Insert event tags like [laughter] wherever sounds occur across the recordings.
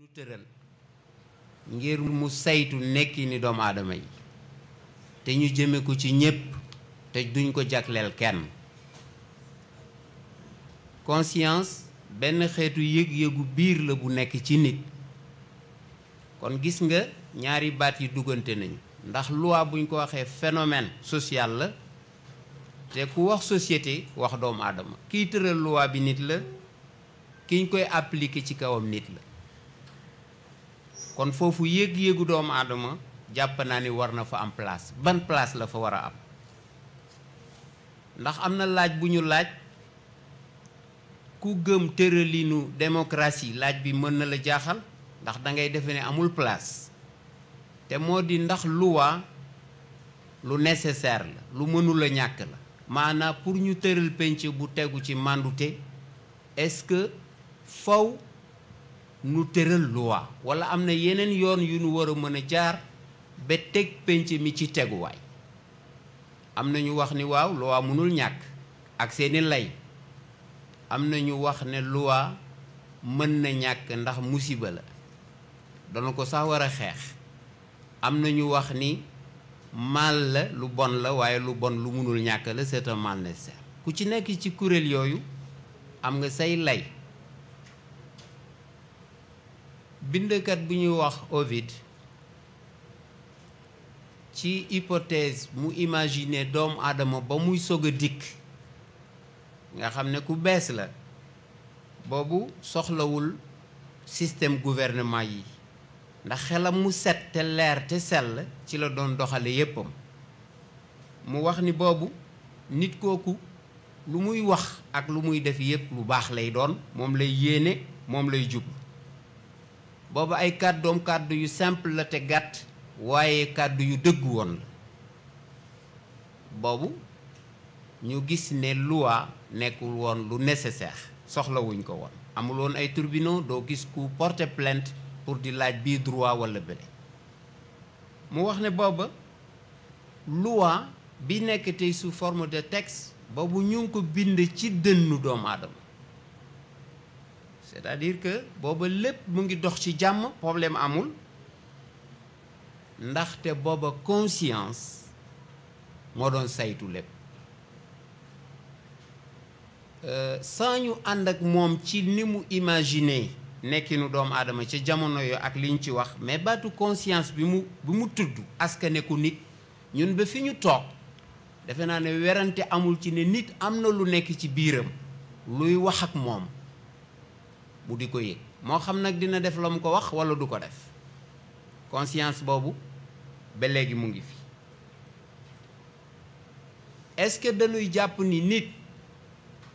nu tëral ngir mu saytu nekki ni doomu aadama yi te ñu jëme ko ci ñépp te duñ ko jagleel kenn conscience benn xeetu yëg-yëgu biir la bu nekk ci nit kon gis nga ñaari baat yi duggante nañu ndax loi buñ ko waxee phénomène social la te ku wax société wax doomu aadama kiy tëral loi bi nit la kiñ koy appliquer ci kawam nit la kon foofu yéeg-yéegu doomu aadama jàpp naa ni war na fa am place ban place la fa war a am ndax am na laaj bu ñu laaj ku gëm tëralinu démocratie laaj bi mën na la jaaxal ndax dangay defe ni amul place te moo di ndax lu waa lu nécessaire la lu mënul a ñàkk la maanaa pour ñu tëral penc bu tegu ci màndute est-ce que faw nu tëral loi wala am na yeneen yoon yu nu war a mën a jaar ba teg penc mi ci teguwaay am na ñu wax ni waaw loi mënul ñàkk ak seeni lay am na ñu wax ne lu loi mën na ñàkk ndax musiba la dana ko sax war a xeex am na ñu wax ni mal la lu bon la waaye lu bon lu mënul ñàkk la c'est un ku ci nekk ci kuréel yooyu am nga say lay bindkat bu ñuy wax Ovid ci hypothèse mu imaginer doomu adama ba muy sog a dikk nga xam ne ku bees la boobu soxlawul système gouvernement yi ndax xelam mu set te leer te sell ci la doon doxale yéppam mu wax ni boobu nit kooku lu muy wax ak lu muy def yépp lu baax lay doon moom lay yéene moom lay jub booba ay kàddoom kàddu yu simple la te gàtt waaye kàddu yu dëgg won la ñu gis ne loi nekul won lu nécessaire soxla wuñ ko won amul won ay tribunaux do gis ku porter plainte pour di laaj bi droit wala bële mu wax ne booba loi bi nekk tey sous forme de texte boobu ñu ko bind ci dënnu doom adam c'est-à-dire que booba lépp mu ngi dox ci jàmm problème amul ndaxte booba conscience moo doon saytu lépp euh, sans ñu ànd ak moom ci ni mu imaginer nekkinu doomu aadama ca jamono yo ak liñ ci wax mais baatu conscience bi mu bi mu tudd askane ku nit ñun ba fi ñu toog defe naa ne werante amul ci ne nit am na lu nekk ci biiram luy wax ak moom bu di ko yëg moo xam nag dina def la mu ko wax wala du ko def conscience boobu ba léegi mu ngi fi est-ce que dañuy jàpp ni nit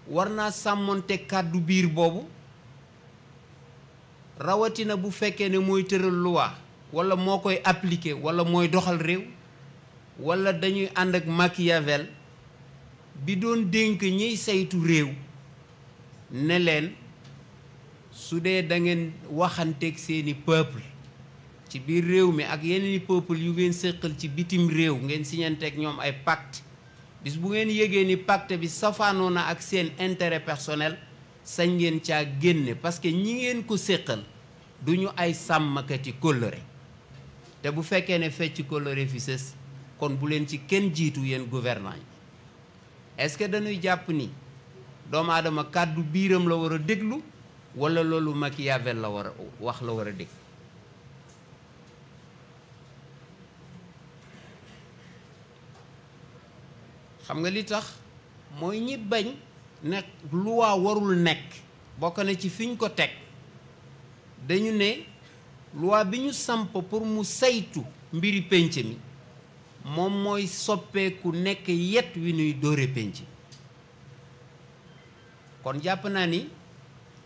war naa sàmmoonte kàddu biir boobu rawatina bu fekkee ne mooy tëral loi walla moo koy appliquer wala mooy doxal réew wala dañuy ànd ak Machiavel bi doon dénk ñiy saytu réew ne leen su dee da ngeen waxanteeg seeni peuple ci biir réew mi ak yeneen i peuple yu ngeen séqal ci bitim réew ngeen siñanteeg ñoom ay pacte bis bu ngeen yégee ni pacte bi safaanoo na ak seen intérêt personnel sañ ngeen ca génne parce que ñi ngeen ko séqal du ñu ay sàmmkati kóllëre te bu fekkee ne fecc kóllëre fi sës kon bu leen ci kenn jiitu yéen gouvernant yi est-ce que dañuy jàpp ni doomu aadama kàddu biiram la war a déglu wala loolu Machiavel la war a wax la war a dégg xam nga li tax mooy ñi bañ nekk loi warul nekk bokk na ci fiñ ko teg dañu ne luwaa bi ñu samp pour mu saytu mbiri pénc mi moom mooy soppeeku nekk yet wi nuy dóore pénc kon jàpp naa ni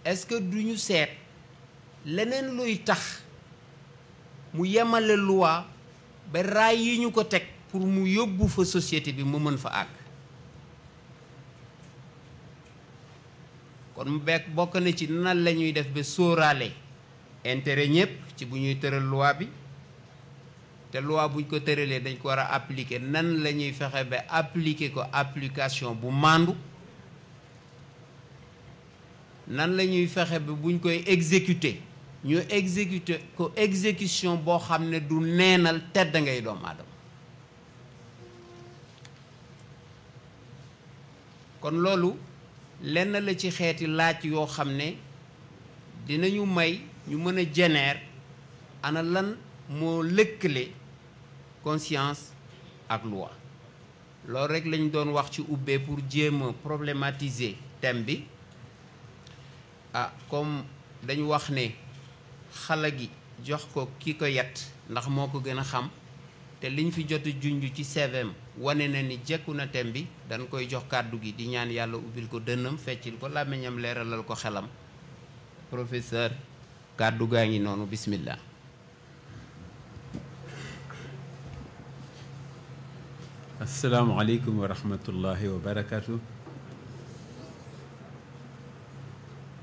est-ce que du seet leneen luy tax mu yemale loi ba raay yi ñu ko teg pour mu yóbbu fa société bi mu mën fa àgg kon mu bokk na ci nan lañuy def ba sóoraale intérêt ñëpp ci bu ñuy tëral loi bi te loi buñ ko tëralee dañ ko war a appliquer nan lañuy fexe ba appliquer ko application bu màndu nan lañuy fexé buñ koy exécuter ñu exécuter ko exécution bo xamné du neenal tedd ngay doom adam kon lolu lenn la ci chose laaj yo dinañu may ñu a ana lan mo conscience ak loi lool rek lañ doon pour problématiser thème ah comme dañu wax ne xala gi jox ko ki ko yet ndax moko gëna xam té liñ fi jot juñju ci CVM wané na ni jekku na tem bi dañ koy jox kàddu gi di ñaan Yalla ubil ko deñum feccil ko meñam léralal ko xelam professeur kàddu gaangi nonu bismillah Assalamualaikum warahmatullahi wa rahmatullahi wa barakatuh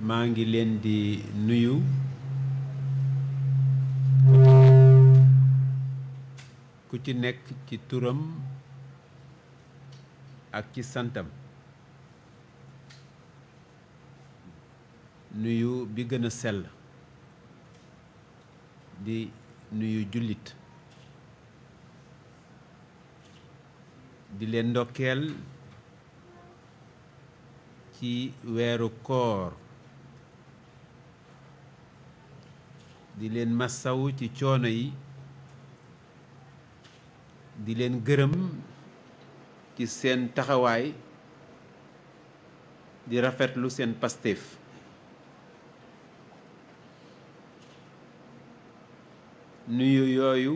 maa ngi leen di nuyu ku ci nekk ci turam ak ci santam nuyu bi gëna a sell di nuyu jullit di leen ndokkeel ci weeru koor di leen massaw ci coono yi di leen gërëm ci seen taxawaay di rafetlu seen pastéef nuyu yooyu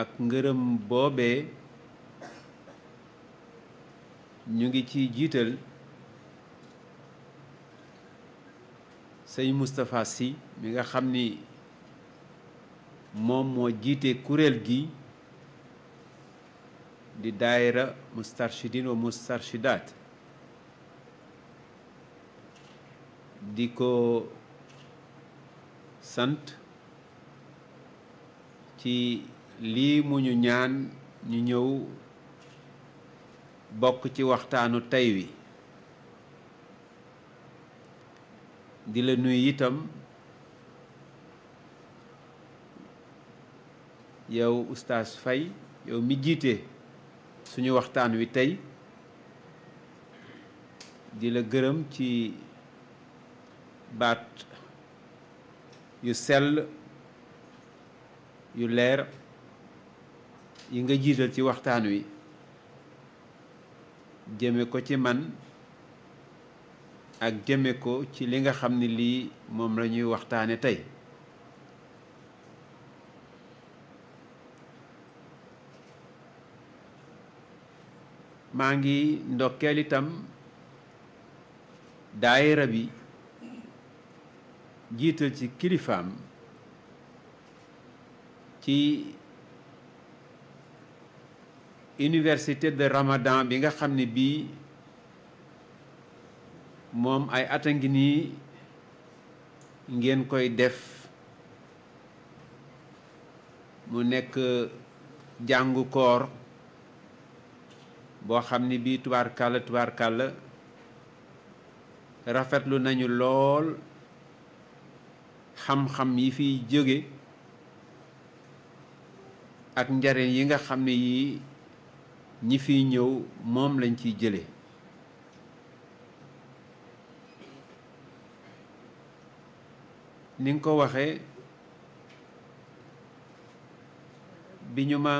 ak ngërëm boobe ñu ngi ciy jiital sëñ Moustapha si mi nga xam ni moom moo jiite kuréel gi di daayira mustarshidin wa mustarshidaat di ko sant ci lii mu ñu ñaan ñu ñëw bokk ci waxtaanu tey wi di la nuyu itam yow oustaz fay yow mi jiite suñu waxtaan wi tey ci sell yu leer yi nga jiital ci waxtaan wi ko ci ak jëme ko ci li nga xam ne lii moom lañuy ñuy waxtaane tey maa ngi ndokkeel itam daayira bi jiital ci kilifaam ci université de Ramadan bi nga xam ni bii moom ay atangi ni ngeen koy def mu nekk jàngu koor bo xam ni bii kala tubaarkàlla rafetlu nañu lol xam-xam yi fi joge ak njariñ yi nga xamni yi ñi fi ñew moom lañ ci jëlee ni ko waxee bi ñu ma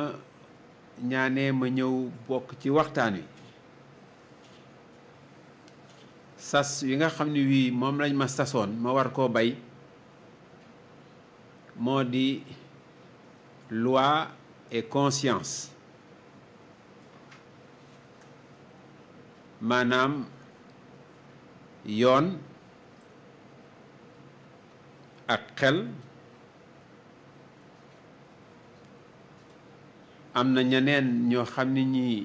ñaanee ma ñëw bokk ci waxtaan wi sas yi nga xam ne wii moom lañ ma sasoon ma war koo bay moo di loi et conscience maanaam yoon ak xel am na ñeneen ñoo xam ne ñii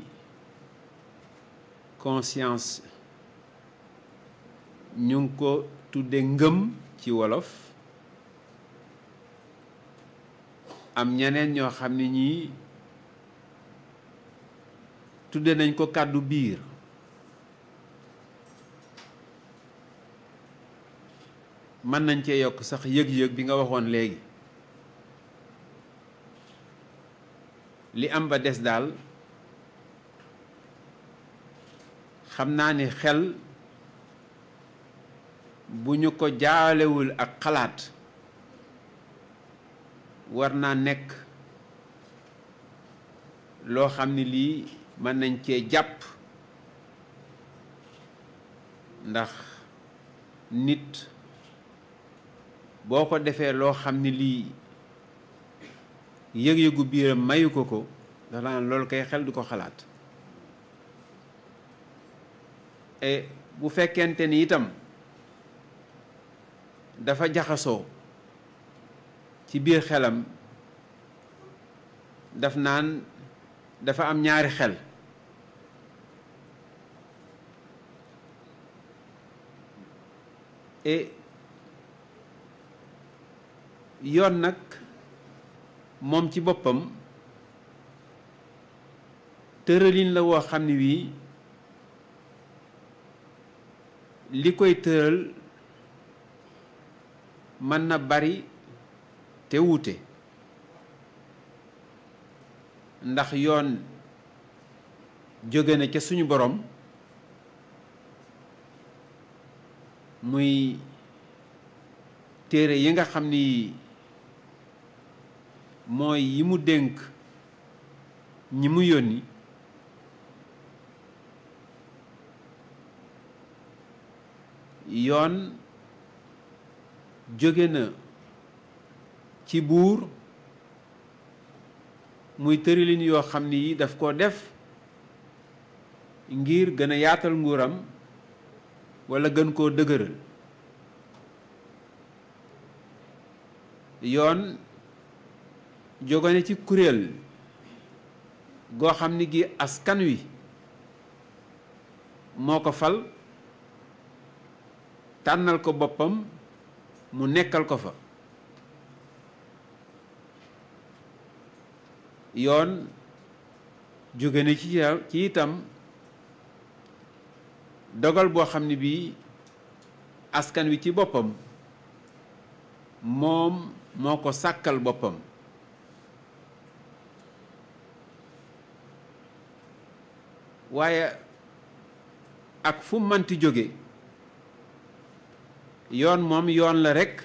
conscience ñu ngi ko tudde ngëm ci wolof am ñeneen ñoo xam ne ñii tudde nañ ko kàddu biir mën nañ cee yokk sax yëg-yëg bi nga waxoon léegi li am ba des daal xam naa ni xel bu ñu ko jaalewul ak xalaat war naa nekk loo xam ni lii mën nañ cee jàpp ndax nit boko defé lo xamni li yëg-yëgu biir mayu ko ko dafa naan loolu kay xel du ko xalat e bu fekente ni itam dafa jaxaso ci biir xelam daf nan dafa am ñaari xel e yoon nag moom ci boppam tëralin la woo xam ne wii li koy tëral mën na bari te wuute ndax yoon jóge na ca suñu borom muy téere yi nga xam ni mooy yi mu dénk ñi mu yónni yoon jóge na ci buur muy tëralin yoo xam ni yi daf ko def ngir gëna yaatal nguuram wala gën koo dëgëral yoon jógane ci kuréel goo xam ni gi askan wi moo ko fal tànnal ko boppam mu nekkal ko fa yoon jóge na ci ci itam dogal boo xam ne bii askan wi ci boppam moom moo ko sàkkal boppam waaye ak fu manti jóge yoon moom yoon la rek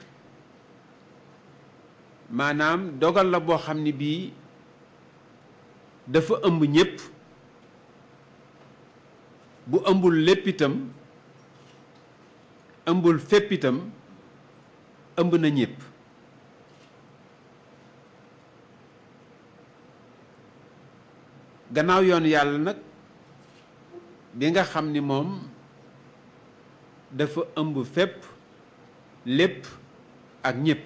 maanaam dogal la boo xam ne bii dafa ëmb ñépp bu ëmbul lépp itam ëmbul fépp itam ëmb na ñépp gannaaw yoon yàlla nag bi nga xam ni moom dafa ëmb fépp lépp ak ñépp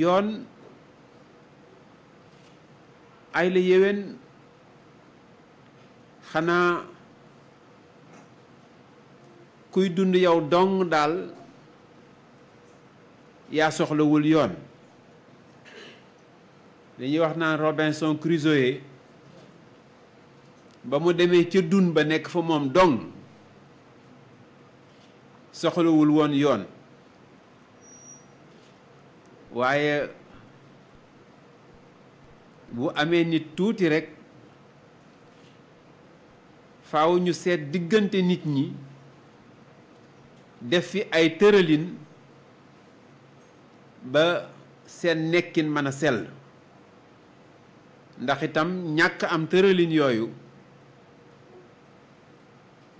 yoon ay la yéwén xanaa kuy dund yow dong daal yaa wul yoon dañuy wax naan Robinson Crusoe ba mu demee ca dun ba nekk fa moom dong soxlawul woon yoon waaye bu amee nit tuuti rekk faaw ñu seet diggante nit ñi def fi ay tëralin ba seen nekkin mën a sell ndax itam ñàkk am tëralin yooyu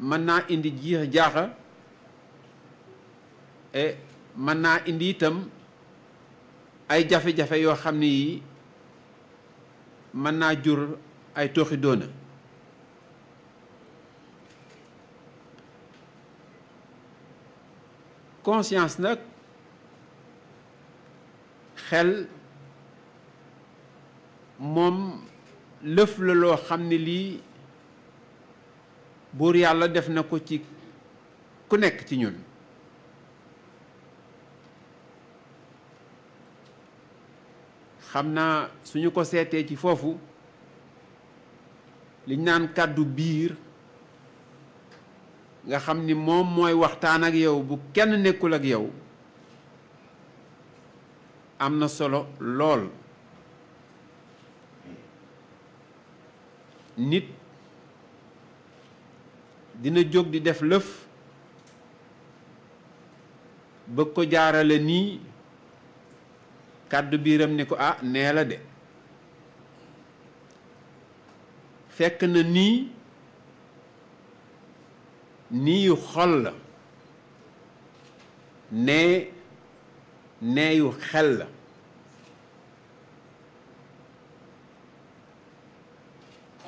mën naa indi jiix jaaxa e mën naa indi itam ay jafe-jafe yoo xam ne yi mën naa jur ay tooxi doona conscience nag xel moom lëf la loo xam ne lii buur yàlla def na ko ci ku nekk ci ñun xam naa suñu ko seetee ci foofu liñ naan kàddu biir nga xam ni moom mooy waxtaan ak yow bu kenn nekkul ak yow am na solo lool nit dina jóg di def lëf bëgg ko jaarale nii kàddu biiram ni ko ah nee la de fekk na nii nii yu xol la nee nee yu xel la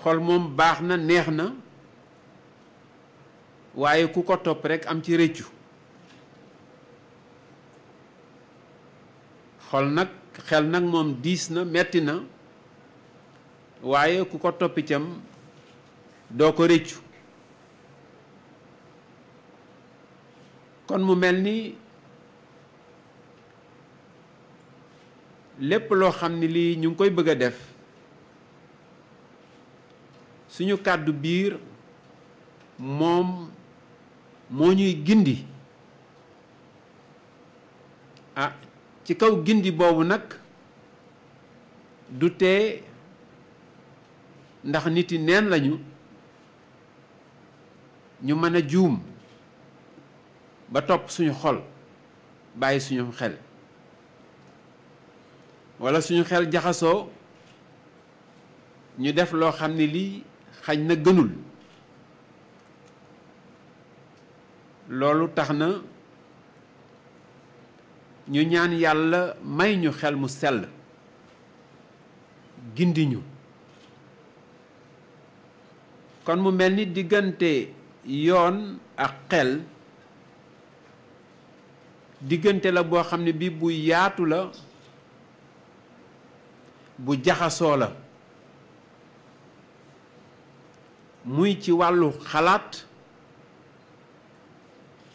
xol moom baax na neex na waaye ku ko topp rekk am ci réccu xol nag xel nag moom diis na metti na waaye ku ko topp itam doo ko rëccu kon mu mel ni lépp loo xam ne lii ñu ngi koy bëgg a def suñu kàddu biir moom moo ñuy gindi a ah, ci kaw gindi boobu nag du tee ndax nit yi neen lañu ñu mën a juum ba topp suñu xol bàyyi suñu xel walla suñu xel jaxasoo ñu def loo xam ne lii xañ na gënul loolu tax na ñu ñaan yàlla may ñu xel mu sell gindiñu kon mu mel ni diggante yoon ak xel diggante la boo xam ne bi bu yaatu la bu jaxasoo la muy ci wàllu xalaat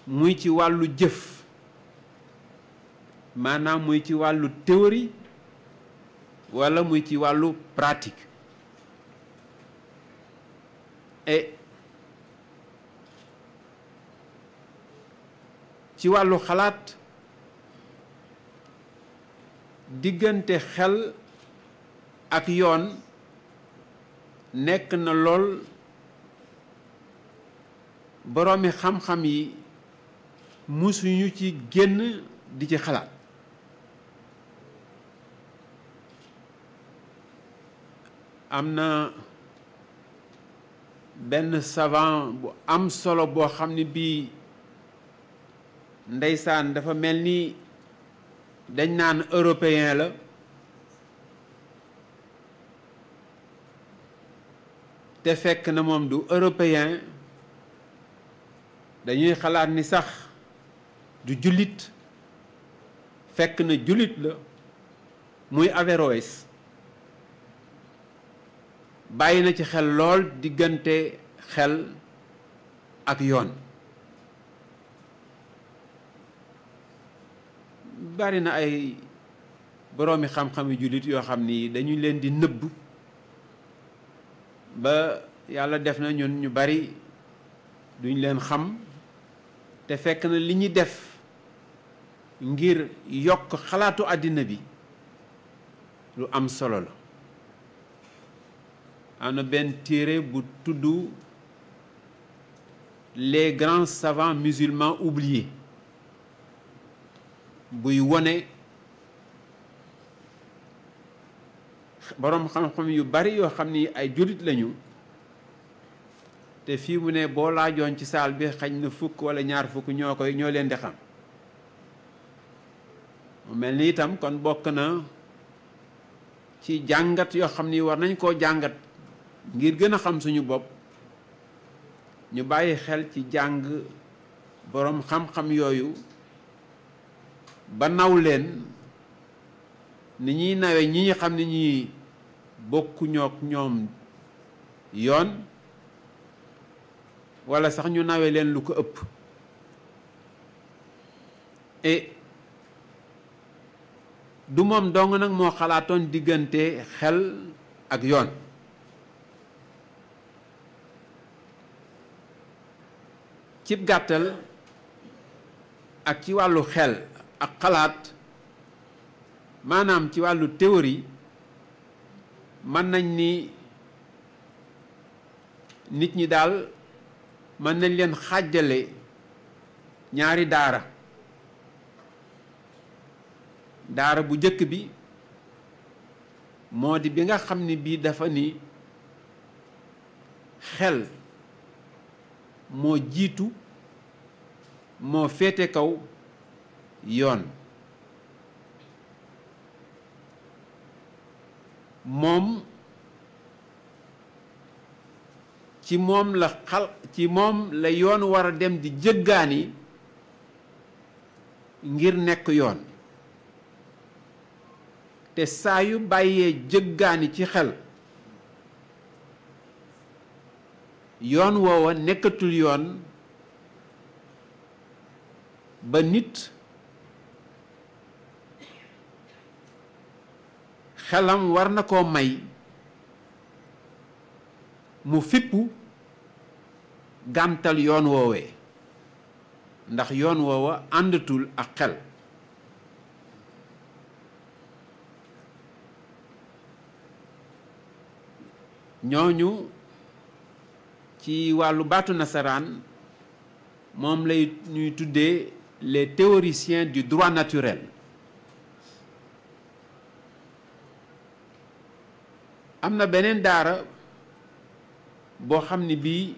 muy ci wàllu jëf maanaam muy ci wàllu théorie walla muy ci wàllu pratique ci wàllu xalaat diggante xel ak yoon nekk na lool mi xam-xam yi musuñu ci génn di ci xalaat am na benn savant bu am solo boo xam ne bii dafa mel dañ naan européen la te fekk na moom du européen dañuy xalaat ni sax du jullit fekk na jullit la muy Averroès bàyyi na ci xel lool diggante xel ak yoon bari na ay boroomi xam-xami jullit yoo xam ni dañu leen di nëbb ba yàlla def na ñun ñu bari duñ leen xam te fekk na li ñu def ngir yokk xalaatu àddina bi lu am solo la am na benn téere bu tudd les grands savants musulmans oubliés buy wone borom xam-xam yu bari yoo xam ni ay jullit lañu te fii mu ne boolaajoon ci saal bi xañ na fukk wala ñaar fukk ñoo koy ñoo leen di xam mu mel ni itam kon bokk na ci jàngat yoo xam ni war nañ koo jàngat ngir gën a xam suñu bopp ñu bàyyi xel ci jàng boroom xam-xam yooyu ba naw leen ni ñuy nawe ñi ñu xam ne ñi bokkuñook ñoom yoon wala sax ñu nawee leen lu ko ëpp e du moom dong nag moo xalaatoon diggante xel ak yoon cib gàttal ak ci wàllu xel ak xalaat maanaam ci wàllu théorie mën nañ ni nit ñi daal mën nañ leen xàjjale ñaari daara daara bu jëkk bi moo di bi nga xam ni bii dafa ni xel moo jiitu moo féete kaw yoon moom ci moom la xal ci moom la yoon wara dem di jëggaani ngir nekk yoon te saa yu bàyyee jëggaani ci xel yoon woowa nekkatul yoon ba nit xelam war na koo may mufipu fipu gàmtal yon woowee ndax yon woowa andatul ak xel ñooñu ci walu batu nasaran mom lay ñuy les théoriciens du droit naturel amna na boo xam ne bii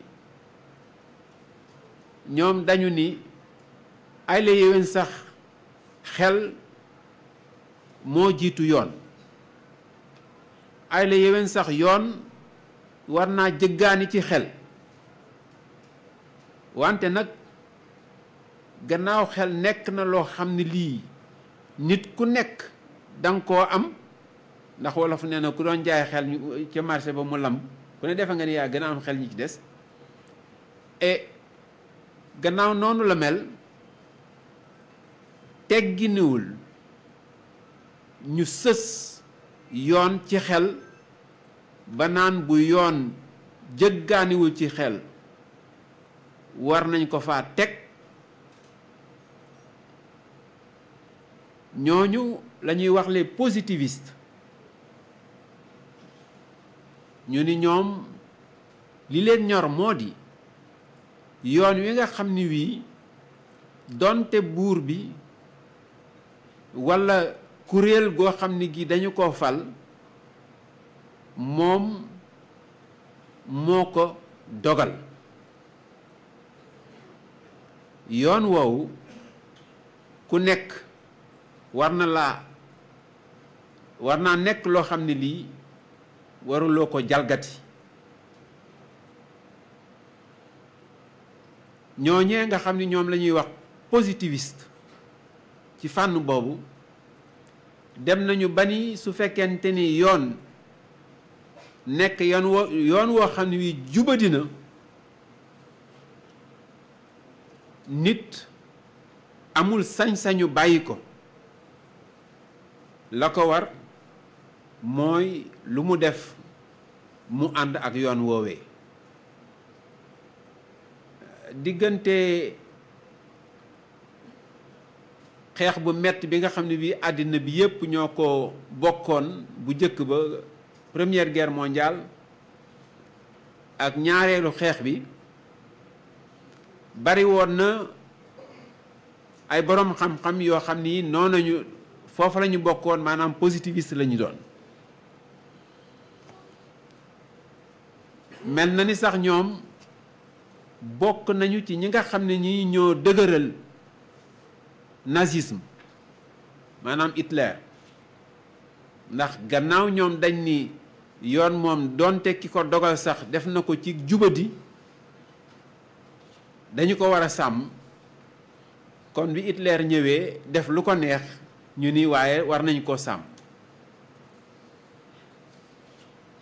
ñoom dañu ni ay sax xel moo jiitu yoon ay la sax yoon war naa jëggaani ci xel wante nag gannaaw xel nekk na loo xam ne lii nit ku nekk danga koo am ndax wolof nee na ku doon jaay xel ca marché ba mu lam ku ne defe nga ni ya a am xel ñi ci que et gannaaw dit la mel tegginiwul ñu que yoon ci xel bu yoon que ci xel positivistes ñu ni ñoom li leen ñor moo di yoon wi nga xam ni wii donte buur bi walla kuréel goo xam ni gi dañu ko fal moom moo ko dogal yoon woowu ku nekk war na laa war na nekk loo xam ne lii waruloo ko jalgati ñooñee nga xam ni ñoom lañuy wax positiviste ci fànn boobu dem nañu bani su fekkente ni yoon nekk yoon woo yoon woo xam ne wi jubadina nit amul sañ-sañu bàyyi ko la ko war mooy lu mu def mu ànd ak yoon woowee diggante xeex bu metti bi nga xam ne bi àddina bi yépp ñoo ko bokkoon bu jëkk ba première guerre mondiale ak ñaareelu xeex bi bari woon na ay boroom xam-xam yoo xam ni noonu nañu foofu la ñu bokkoon maanaam positiviste la ñu doon mel na ni sax ñoom bokk nañu ci ñi nga xam ne ñi ñoo dëgëral nasisme maanaam Hitler ndax gannaaw ñoom dañ ni yoon moom donte ki ko dogal sax def na ko ci juba jubadi dañu ko war a sàmm kon bi Hitler ñëwee def lu ko neex ñu ni waaye war nañu ko sàmm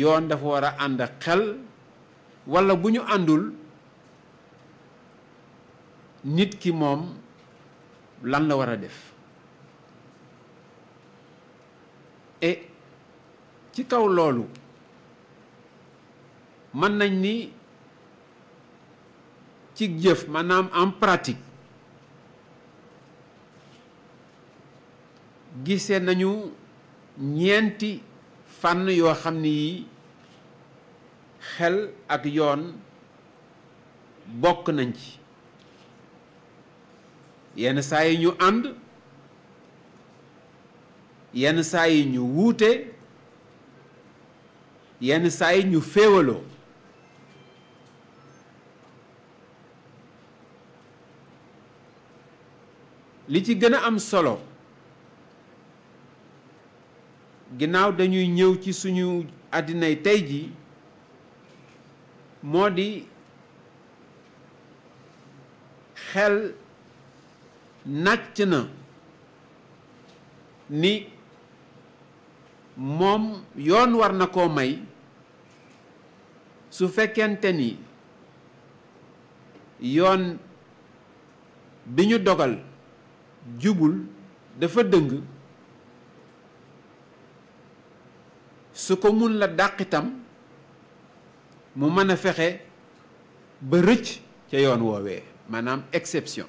yoon dafa war a ànd xel walla bu ñu àndul nit ki moom lan la war a def et ci kaw loolu mën nañ ni ci jëf maanaam en pratique gisee nañu ñeenti fànn yoo xam ni yi xel ak yoon bokk nañ ci yenn saa yi ñu ànd yenn saa yi ñu wuute yenn saa yi ñu féewaloo li ci gën a am solo ginnaaw dañuy ñëw ci suñu àddinay tey ji moo di xel nàcc na ni moom yoon war na koo may su fekkente ni yoon bi ñu dogal jubul dafa dëng ce ko mun la dàq itam mu mën a fexe ba rëcc ca yoon woowee maanaam exception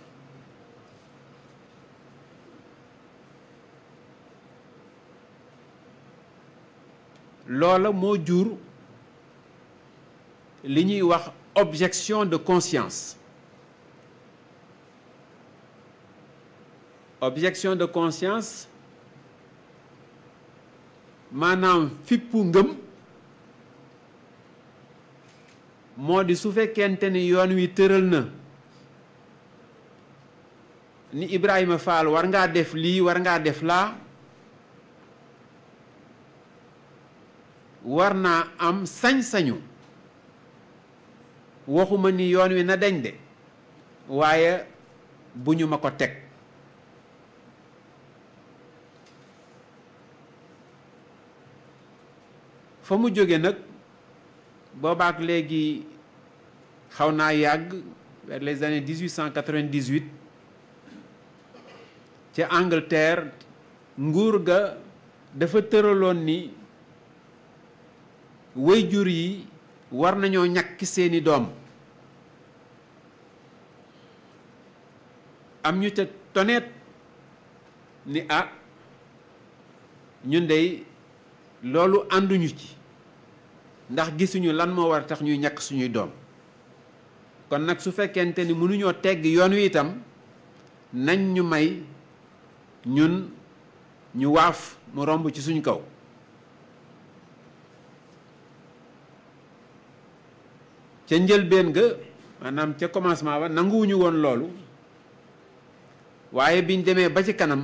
lola moo jur li ñuy wax objection de conscience objection de conscience maanaam fippu ngëm moo di su fekkente ni yoon wi tëral na ni Ibrahima Fall war ngaa def lii war ngaa def laa war naa am sañ-sañu waxuma ni yoon wi na dañ de waaye bu ñu ma ko teg fa mu jóge nag boobaak léegi xaw naa yàgg vers les années 1898 ci Angleterre nguur ga dafa tëraloon ni wayjur yi war nañoo ñàkk seeni doom am ñu ca tonet ni ah ñun dey loolu ànduñu ci ndax gisuñu lan moo war a tax ñuy ñàkk suñuy doom kon nag su fekkente ni mënuñoo tegg yoon wi itam nañ ñu may ñun ñu waaf mu romb ci suñu kaw ca njëlbéen ga maanaam ca commencement ba nanguwuñu woon loolu waaye biñ demee ba ci kanam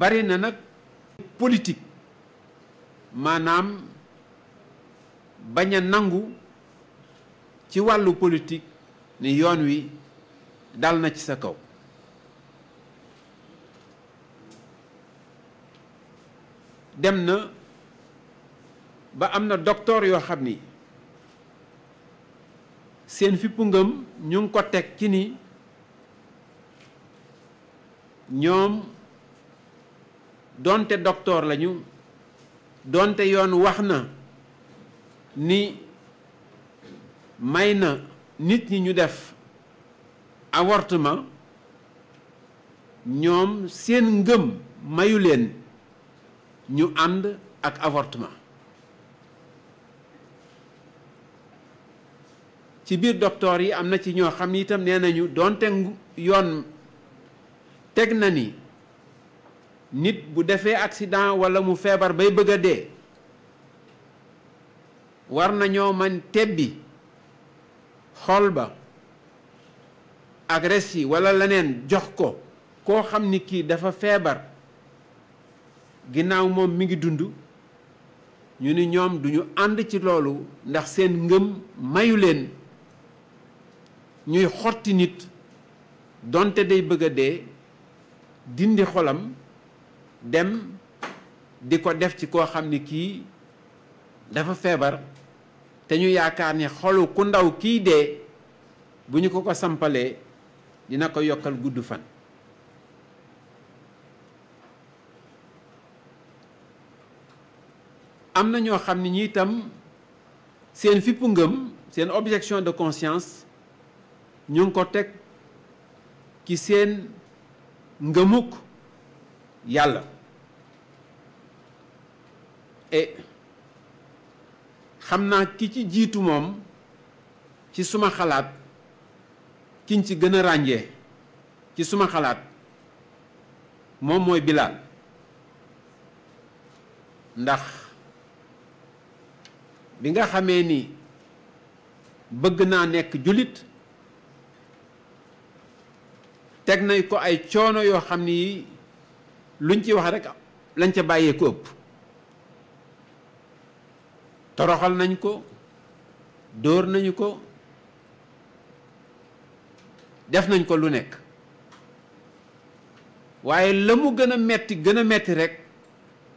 bari na nag politique maanaam bañ a nangu ci wàllu politik ni yoon wi dal na ci sa kaw dem na ba am na docteur yoo xam ni seen fippu ngëm ñu ngi ko teg ci ni ñoom donte docteur lañu donte yoon wax na ni mayna nitni nit ñi ñu def avortement ñoom seen and mayu leen ñu ànd ak avortement ci biir docteur yi am na ci ñoo xam itam nee donte yoon na ni nit bu defee accident wala mu feebar bay bëgg a dee war nañoo man tebbi xool ba ak res yi wala leneen jox ko koo xam ni kii dafa feebar ginnaaw moom mi ngi dund ñu ni ñoom duñu ànd ci loolu ndax seen ngëm mayu leen ñuy xotti nit donte day bëgg a dee dindi xolam dem di ko def ci koo xam ni kii dafa feebar te ñu yaakaar ni xolu ku ndaw kii dee bu ñu ko ko sampalee dina ko yokkal gudd fan am na ñoo xam ne ñi itam seen ngëm seen objection de conscience ñu ngi ko teg seen ngëmuk yàlla et xam naa ki ci jiitu moom ci suma xalaat kiñ ci gën a ràññee ci suma xalaat moom mooy Bilal ndax bi nga xamee ni bëgg naa nekk jullit teg nañ ko ay coono yoo xam ni luñ ci wax rek lañ ca bàyyee ko ëpp toroxal nañ ko dóor nañu ko def nañ ko lu nekk waaye la mu gën a metti gën a metti rek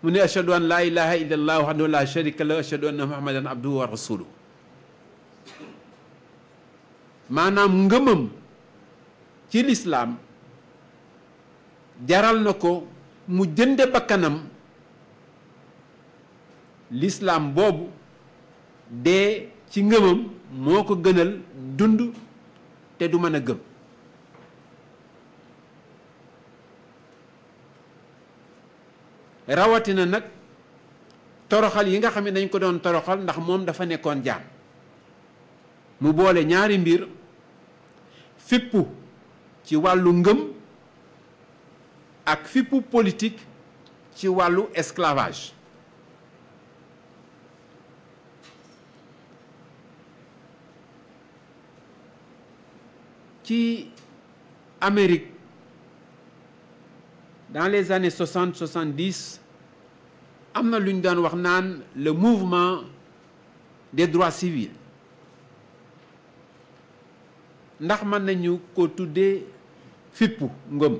mu ne ashadu an laa ilaha illa allah wahdahu la sharika la ashadu anna muhammadan abduhu wa rasuluhu maanaam ngëmam ci lislaam jaral na ko mu jënde bakkanam lislaam boobu dee ci ngëmam moo ko gënal dund te du mën a gëm rawatina nag toroxal yi nga xam ne dañ ko doon toroxal ndax moom dafa nekkoon jaam mu boole ñaari mbir fippu ci wàllu ngëm ak fipu politique ci esclavage qui Amérique dans les années 60 70 am le mouvement des droits civils ndax man nañu ko fippu ngom.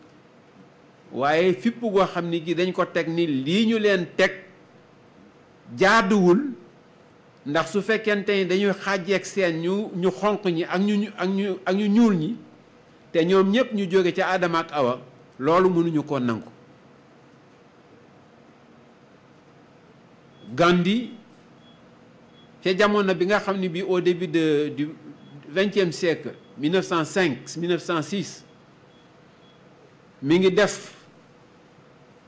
waaye fipp goo gi dañ ko teg ni lii ñu leen teg jaaduwul ndax su fekkente ni dañuy seen ñu ñu ñi ak ñu ak ñu ak ñi te ñu ak Awa ko Gandhi ca jamono bi nga xam bi au début de du vingtième siècle 1905 1906 mi ngi def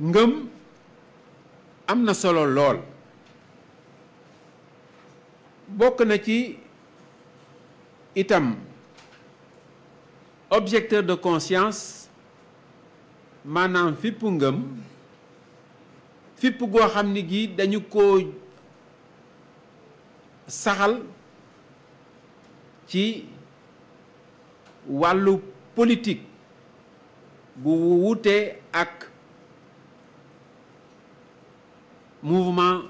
ngëm am na solo lool bokk na ci itam objecteur de conscience maanaam fippu ngëm fipp goo xam ni gi dañu ko saxal ci wàllu politik bu wuute ak mouvement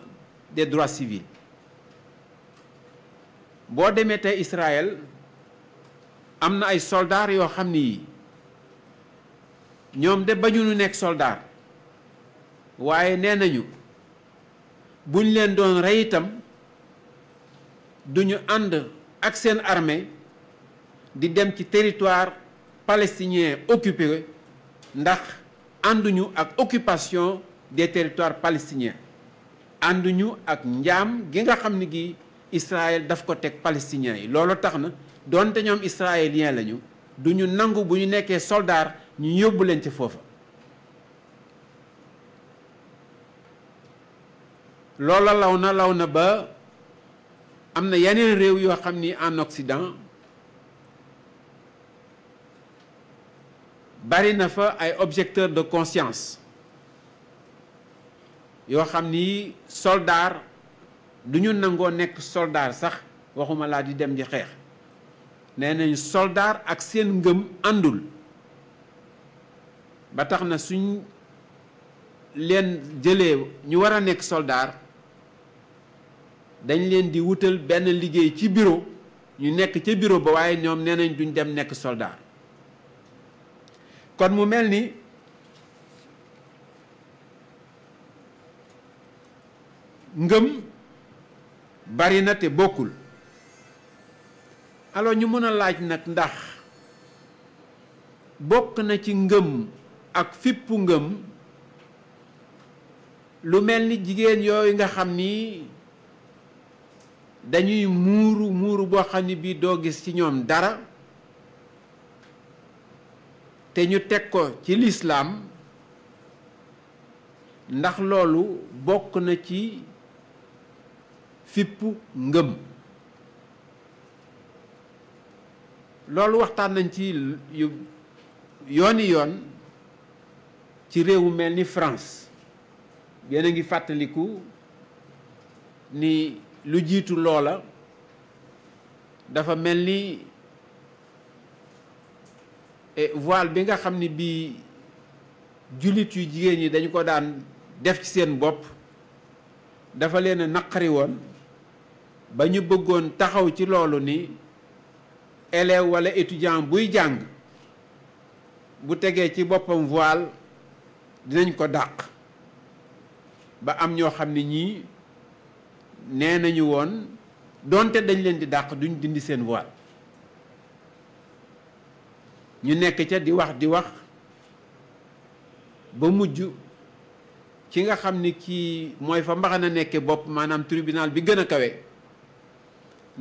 des droits civils Si vous tey Israël y a des soldats yoo xam ni ñoom de bañu soldats. Mais ils waaye nee nañu buñ leen doon été itam duñu ànd ak seen armée di dem ci territoire palestinien occupé ndax ànduñu ak occupation des territoires palestiniens ànduñu ak njaam gi nga xam ni gi Israël daf ko teg palestiniens yi loolu tax na doonte ñoom israélien lañu du ñu nangu bu ñu nekkee soldaar ñu yóbbu leen ci foofa loola law na law na ba am na yeneen réew yoo xam ni en Occident bari na fa ay objecteurs de conscience yoo xam ni soldaar du ñu nangoo nekk soldaar sax waxuma laa di dem di xeex nee nañ soldaar ak seen ngëm àndul ba tax na suñ leen jëlee ñu war a nekk soldaar dañ leen di wutal benn liggéey ci bureau ñu nekk ca bureau ba waaye ñoom nee nañ duñ dem nekk soldaar kon mu mel ni ngëm bari na te bokkul alors ñu mën a laaj nag ndax bokk na ci ngëm ak fippu ngëm lu mel ni jigéen yooyu nga xam ni dañuy muuru muuru boo xam ni bii doo gis ci ñoom dara te ñu teg ko ci lislaam ndax loolu bokk na ci Fipu ngëm loolu waxtaan nañ ci yu yooni yoon ci ni France yéen a ngi ni lu tu lola, dafa mel e voile bi nga xam ni bii julit yu jigéen ñi dañu ko daan def ci seen dafa leen a naqari ba ñu bëggoon taxaw ci loolu ni élève wala étudiant buy jàng bu tegee ci boppam voile dinañ ko dàq ba am ñoo xam ni ñii nee nañu woon donte dañ leen di dàq duñ dindi seen voile ñu nekk ca di wax di wax ba mujj ki nga xam ni kii mooy fa mbaxana nekke bopp maanaam tribunal bi gën a kawe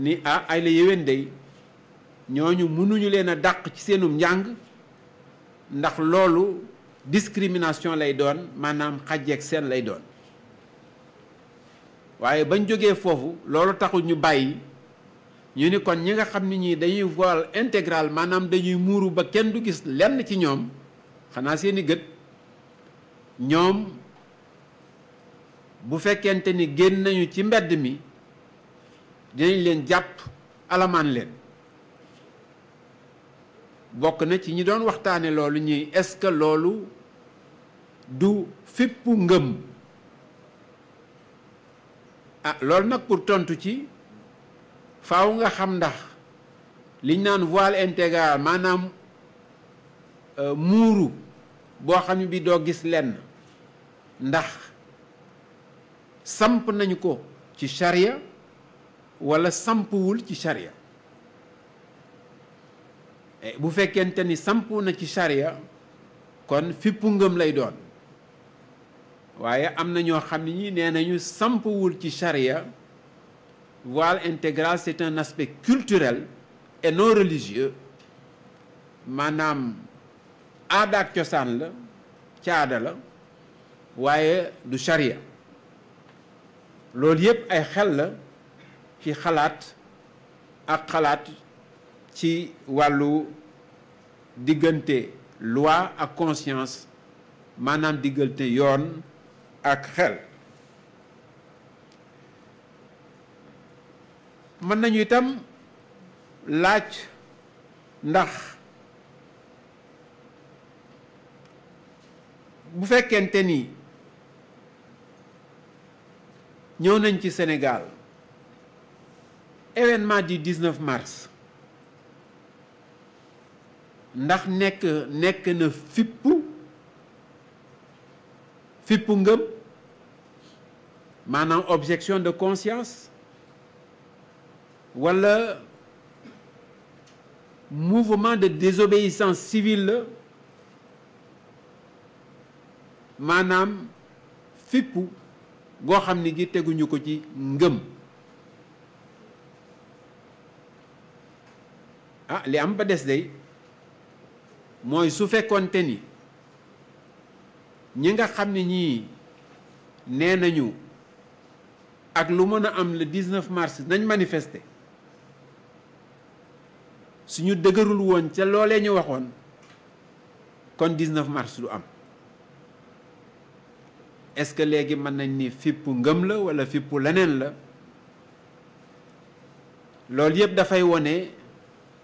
ni ah ay la yéwén day ñooñu mënuñu leen a dàq ci seenum njàng ndax loolu discrimination lay doon maanaam xàjjeeg seen lay doon waaye bañ jógee foofu loolu taxul ñu bàyyi ñu ni kon ñi nga xam ni ñii dañuy voile intégral maanaam dañuy muuru ba kenn du gis lenn ci ñoom xanaa seeni gët ñoom bu fekkente ni génn nañu ci mbedd mi dinañ leen jàpp alamaan leen bokk na ci ñi doon waxtaane loolu ñuy est-ce loolu du fippu ngëm ah loolu nag pour tontu ci faaw nga xam ndax liñ naan voile intégral maanaam euh, muuru boo xam ne bii doo gis lenn ndax samp nañu ko ci charia wala sampoul ci charia eh, bu fekkente ni sampu na ci charia kon fippu ngëm lay doon waye amna na xamni xam ne ci charia voile intégral c'est un aspect culturel et non religieux Manam adak ak la caada la waye du charia lol ay xel la qui ak fait loi à conscience manam diggante yon ak xel mën nañu itam ndax bu ni Sénégal événement du 19 mars ndax nek nek na fippu fippu ngëm manam objection de conscience wala mouvement de désobéissance civile manam fipu go xamni ni gi teguñu ko ci ngëm ah li am ba des day mooy su fekkoonte ni ñi nga xam ne ñii nee nañu ak lu mën a am le 19 mars nañ manifester suñu dëgërul woon ca loolee ñu waxoon kon 19 mars du am est-ce que léegi mën nañ ni fippu ngëm la walla fippu leneen la loolu yëpp dafay wone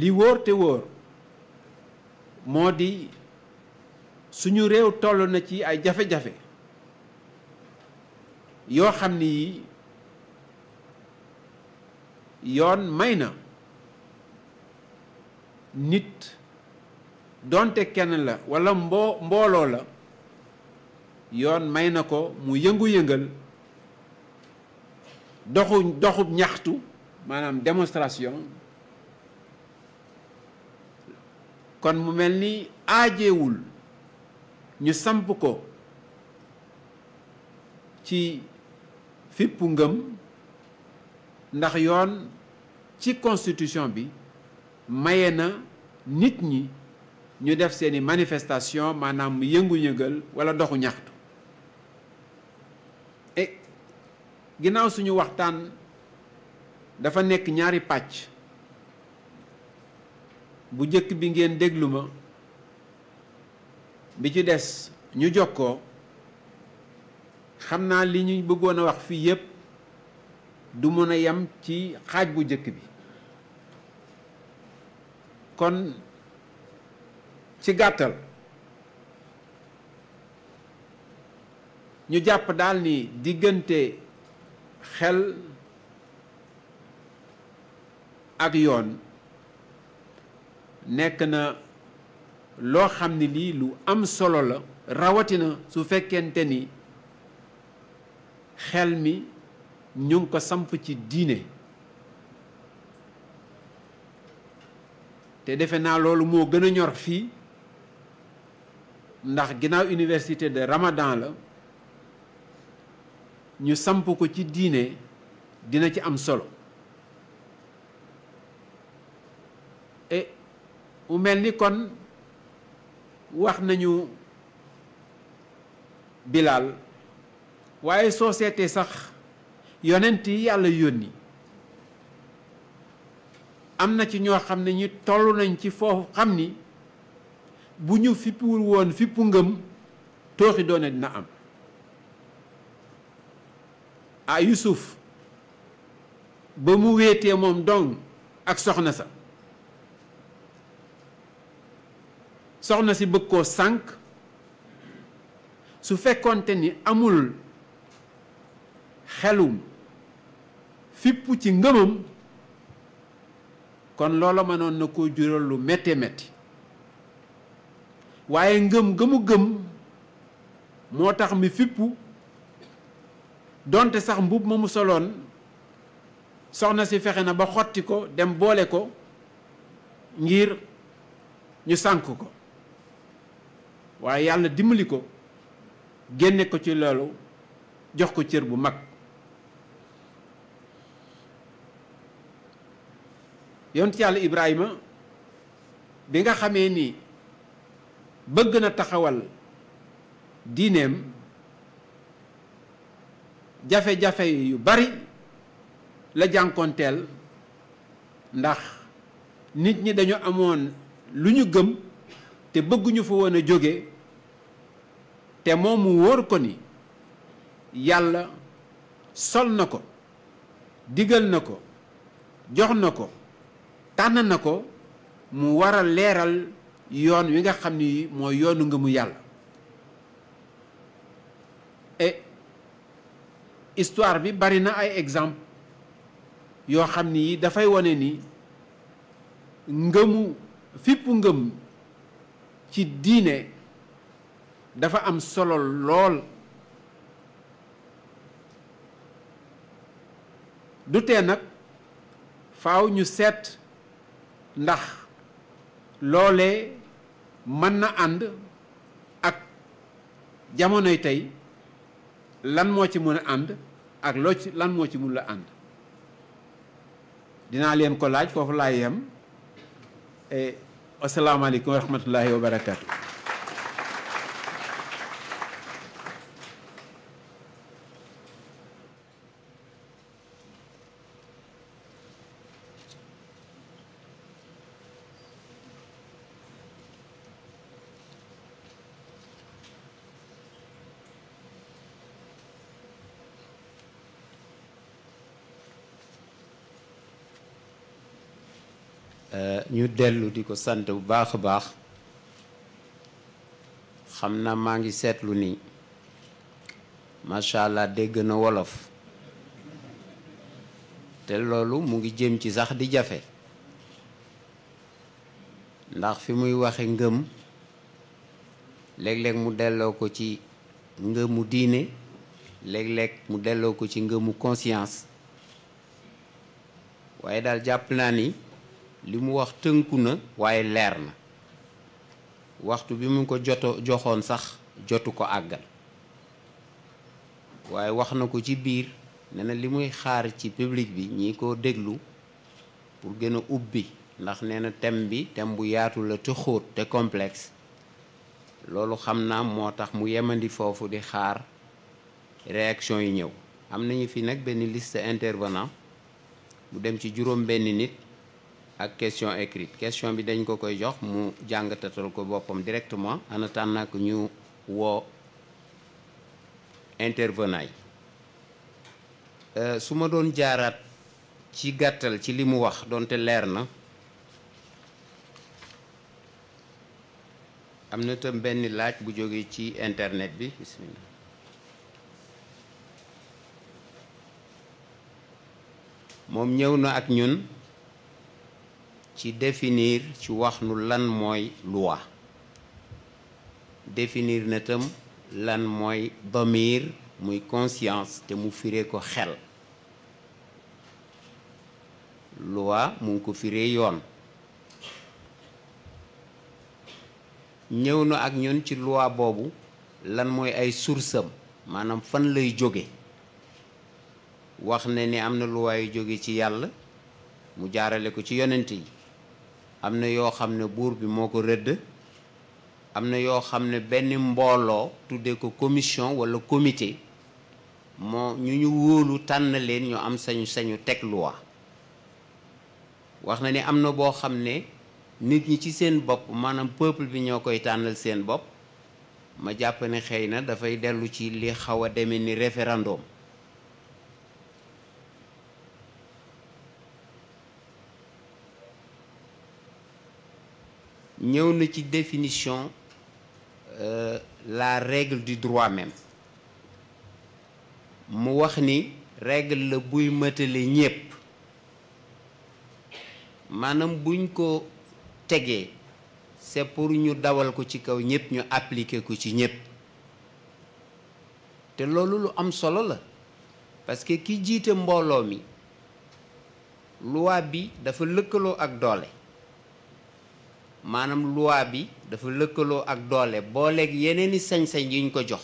li wóor te wóor moo di suñu réew tollu na ci ay jafe-jafe yoo xam ni yi yoon may na nit doonte kenn la walla mboo mbooloo la yoon may na ko mu yëngu-yëngal doxu doxub ñaxtu maanaam démonstration kon mu melni ni ñu samp ko ci fippu ngëm ndax yoon ci constitution bi maye na nit ñi ñu def seeni manifestation maanaam yëngu-yëngal wala doxu ñaxtu e ginnaaw suñu waxtaan dafa nekk ñaari pàcc bu jëkk bi ngeen dégluma bi ci des ñu jokkoo xam naa li ñu bëggoon a wax fii yépp du mën a yem ci xaaj bu jëkk bi kon ci gàttal ñu jàpp daal ni diggante xel ak yoon nekk na loo xam ne lii lu am solo la rawatina su fekkente ni xel mi ñu ngi ko samp ci diine te defe naa loolu moo gën a ñor fii ndax ginnaaw université de Ramadan la ñu samp ko ci diine dina ci am solo et mu mel ni kon wax nañu Bilaal waaye soo seetee sax yonent yi yàlla yónni am na ci ñoo xam ne ñi toll nañ ci foofu xam ni bu ñu fippuwul woon fippu ngëm tooxi doone dina am ah Yuusuf ba mu wéetee moom dong ak soxna sa soxna si bëgg koo sànq su fekkoonte ni amul xelum fipu ci ngëmam kon loola mënoon na koo jural lu métte metti waaye ngëm gëmu gëm moo tax mi fipp donte sax mbub ma mu soloon soxna si fexe na ba xotti ko dem boole ko ngir ñu sànk ko waaye yàlla dimbali ko génne ko ci lolu jox ko cër bu mag yonent yàlla Ibrahima bi nga xamee ni bëgg na taxawal diineem jafe-jafe yu bari la jànkonteel ndax nit ñi dañu amoon lu ñu gëm te bëgguñu fa woon a jóge te moom mu wóor ko ni yàlla sol na ko digal na ko jox na ko tànn na ko mu war a leeral yoon wi nga xam ni mooy yoonu ngëmu yàlla et histoire bi bari na ay exemple yoo xam ni dafay wone ni mu fippu ngëm ci diine dafa am solo lool du nag faw ñu seet ndax loole mën na ànd ak jamonoy tey lan moo ci mën a ànd ak loo ci lan moo ci mun la ànd dinaa leen ko laaj foofu laay yem eh, والسلام عليكم ورحمه الله وبركاته ñu dellu di ko sant bu baax a baax xam na maa ngi seetlu ni macha allah dégg na wolof te loolu mu ngi jëm ci sax di jafe ndax fi muy waxe ngëm léeg-léeg mu delloo ko ci ngëmu diine léeg-léeg mu delloo ko ci ngëmu conscience waaye daal jàpp naa ni li mu wax tënku na waaye leer na waxtu bi mu ko joto joxoon sax jotu ko àggal waaye wax na ko ci biir ne li muy xaar ci public bi ñi ko déglu pour gën a ubbi ndax nee na thème bi thème bu yaatu la te te complex loolu xam naa moo tax mu yemandi foofu di xaar réaction yi ñëw am nañu fi nag benn liste intervenant bu dem ci juróom benn nit ak question écrite question bi dañ ko koy jox mu jàngatatal ko boppam directement en attendant que ñu woo intervenant yi euh, su ma doon jaaraat ci gàttal ci li mu wax doonte leer na am na tam benn laaj bu jóge ci internet bi bismillah moom ñëw na ak ñun ci définir ci wax nu lan mooy loi définir na lan mooy damir muy conscience te mu firee ko xel loi mu ngi ko firee yoon ñëw na ak ñun ci loi boobu lan mooy ay source am maanaam fan lay jóge wax na ni am na loi yu jóge ci yàlla mu jaarale ko ci yonent yi am na yoo xam ne buur bi moo ko rëdd am na yoo xam ne benn mbooloo tuddee ko commission walla comité moo ñu ñu wóolu tànn leen ñu am sañu-sañu teg loi wax na ni am na boo xam ne nit ñi ci seen bopp maanaam pëpp bi ñoo koy tànnal seen bopp ma jàpp ne xëy na dafay dellu ci li xaw a demee ni référendum ñëw na ci définition euh, la règle du droit même mu wax ni règle le buy le ñépp Manam buñ ko tegee c'est pour ñu dawal ko ci kaw ñépp ñu appliquer ko ci lu am solo la parce que ki jiite mbooloo mi loi bi dafa ak maanaam loi bi dafa lëkkaloo ak doole booleeg yeneen i sañ yi ñu ko jox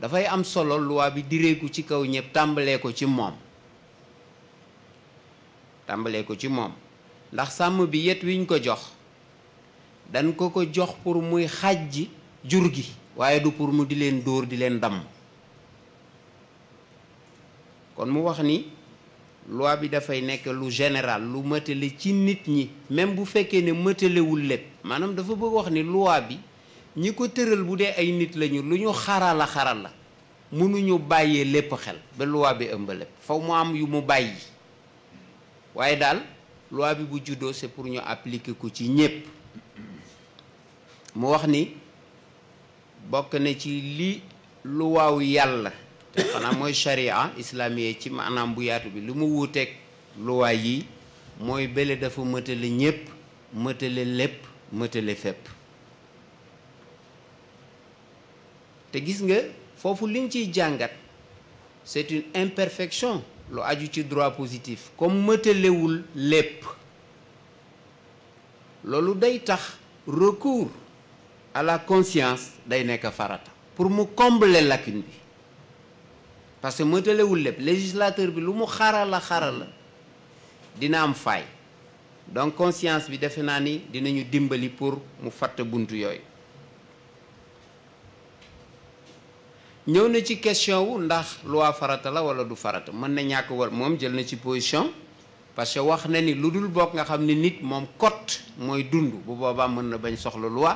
dafay am solo loi bi direeku ci kaw ñépp tàmbalee ko ci moom tàmbalee ko ci moom ndax sàmm bi yet wiñ ko jox dañ ko ko jox pour muy xàjji jur gi waaye du pour mu di leen dóor di leen damm kon mu wax ni loi bi dafay nekk lu général lu mëtale ci nit ñi même bu fekkee ne mëtalewul lépp maanaam dafa bëgg wax ni loi bi ñi ko tëral bu dee ay nit lañu lu ñu xarala xarala mënuñu bàyyee lépp xel ba loi bi ëmb lépp faw mu am yu mu bàyyi waaye daal loi bi bu juddoo c'est pour ñu appliquer ko ci ñépp mu wax ni bokk na ci li luwaaw yàlla te xanaa mooy charia islamiye ci maanaam bu yaatu bi lu mu wuuteeg luwaa yi mooy bële dafa mëtale ñépp mëtale lépp mëtale fépp te gis nga foofu liñ ciy jàngat c'est une imperfection lu aju ci droit positif comme mëtalewul lépp loolu day tax recours à la conscience day nekka farata pour mu combler lakkin bi parce que mëtalewul lépp législateur bi lu mu xarala xarala dina am faay donc conscience bi defe naa ni dinañu dimbali pour mu fàtte buntu yooyu ñëw na ci question wu ndax loi farata la wala du farata mën na ñàkk war moom jël na ci position parce que wax na ni lu dul bokk nga xam ni nit moom kot mooy dund bu boobaa mën na bañ soxla loi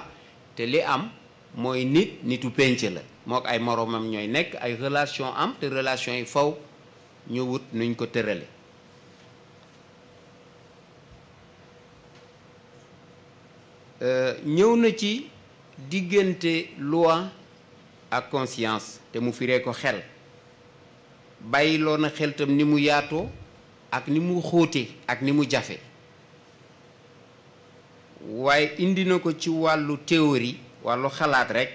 te li am mooy nit nitu pénc la mook ay moroomam ñooy nekk ay relation am te relation yi faw ñu wut nuñ ko tërale euh, ñëw na ci diggante luwa ak conscience te mu firee ko xel bàyyiloo na xel tam ni mu yaatoo ak ni mu xóote ak ni mu jafe waaye indi na ko ci wàllu théorie wàllu xalaat rek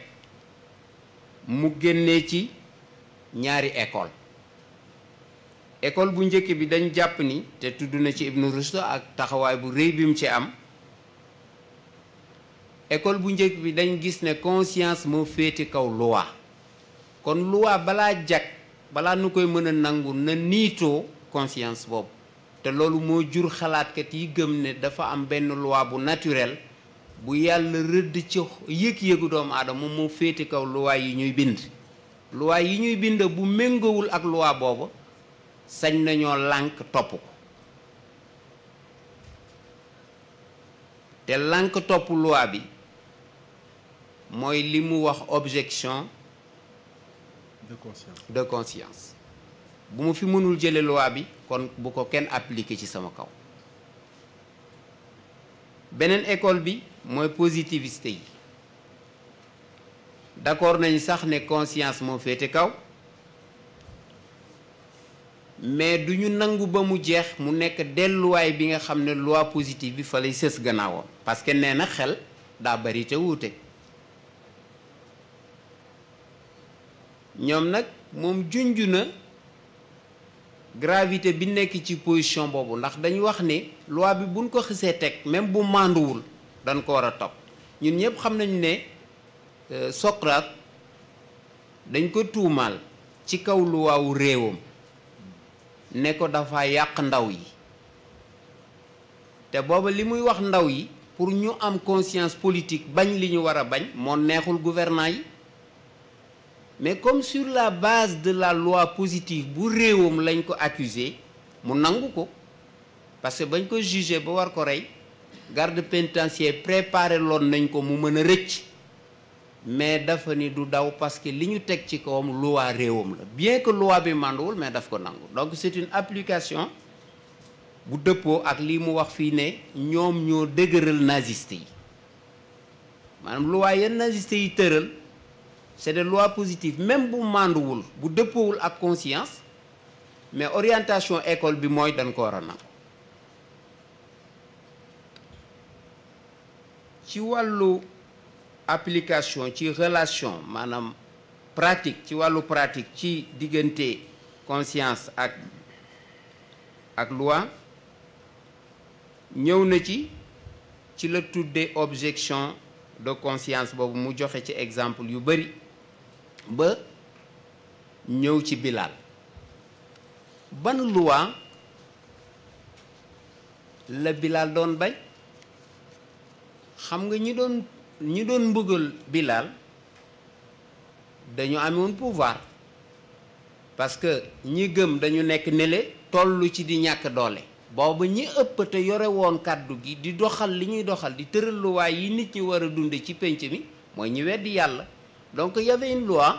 mu génnee ci ñaari école école bu njëkk bi dañ jàpp ni te tudd na ci Ibn Rushd ak taxawaay bu rëy bi mu ci am école bu njëkk bi dañ gis ne conscience moo féete kaw loi kon loi balaa jag balaa nu koy mën a nangu na niitoo conscience boobu te loolu moo jur xalaatkat yi gëm ne dafa am benn loi bu naturel bu yàlla rëdd ci yëg-yëgu doomu aadama mu féeti kaw luwaay yi ñuy bind luwaay yi ñuy bind bu méngowul ak luwaa boobu sañ nañoo lànk topp ko te lànk topp luwaa bi mooy li mu wax objection de conscience bu mu fi mënul jële luwaa bi kon bu ko kenn appliqué ci sama kaw benen école bi moy positiviste yi d'accord nañ sax né conscience mo fété kaw mais du ñu nangu ba mu jeex mu nekk delluwaay bi nga xamné loi positive bi falay lay sës parce que néna xel da bari té wuute ñom nak mom junju na gravité bi nekk ci position boobu ndax dañu wax ni loi bi buñ ko xisee teg même bu mànduwul dañ ko war a topp ñun ñëpp xam nañu ne euh, Socrate dañ ko tuumaal ci kaw luwaawu réewam ne ko dafa yàq ndaw yi te booba li muy wax ndaw yi pour ñu am conscience politique bañ li ñu war a bañ moo neexul gouvernant yi mais comme sur la base de la loi positive bu réewam lañ ko accuser mu ko parce que bañ ko jugé ba war ko garde pénitentiaire préparé l'homme nañ ko mu mais dafa ni du daw parce que li ñu teg ci loi réewam la bien que loi bi mandoul, mais daf ko donc c'est une application bu dëppoo ak lii mu wax fii ne ñoom ñoo dëgëral naziste yi loi yenn naziste yi tëral c'est des lois positives même bu vous bu dëppoowul ak conscience mais l'orientation école bi moy dañ ko Si vous avez ci application une relation une pratique ci wàllu pratique ci diggante conscience ak ak loi vous na ci ci la tuddé objection de conscience vais vous joxé ci exemple yu bari ba ñëw ci bilal ban loi la bilal don bay, xam nga ñi bugul ñi mbugal bilal dañu amoon pouvoir parce que ñi gëm dañu nekk nele tollu ci di ñàkk doole boobu ñi ëpp yore won kàddu gi di doxal li ñuy doxal di tëral luwaay yi nit ñi war a dunde ci penc mi mooy ñi weddi donc il y avait une loi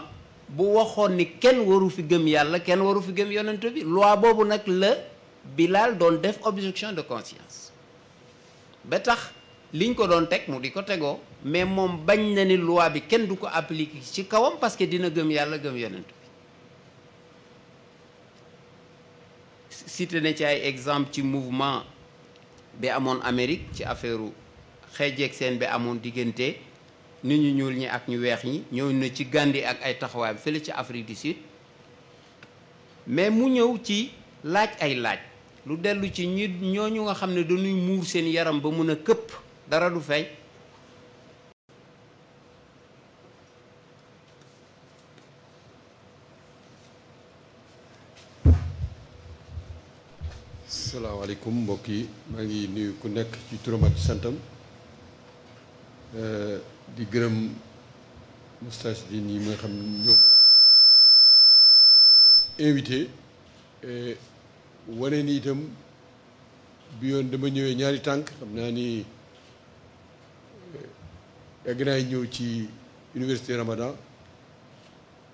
bu waxone ken kenn waru fi gem yalla ken waru fi gem yonent bi loi bobu nak le Bilal don def objection de conscience ba tax liñ ko don tek mu di ko mais mom bañ na ni loi bi ken du ko appliquer ci kawam parce que dina gem yalla gem yonent bi cité na ci ay exemple ci mouvement bi amone Amérique ci affaireu xeejeeg sen bi amone digenté nit ñu ñuul ñi ak ñu weex ñi ñëw na ci Gandhi ak ay taxawaayam fële ci Afrique du Sud mais mu ñëw ci laaj ay laaj lu dellu ci ñi ñooñu nga xam ne dañuy muur seen yaram ba mun a këpp dara du feeñ salaamaaleykum mbokk yi maa ku nekk ci turam ak santam euh, di gërëm Moustarchidine yi nga xam ñoom invité eh, wane ni itam bi yoon dama ñëwee ñaari tànk xam naa ni yàgg eh, naay ñëw ci université Ramadan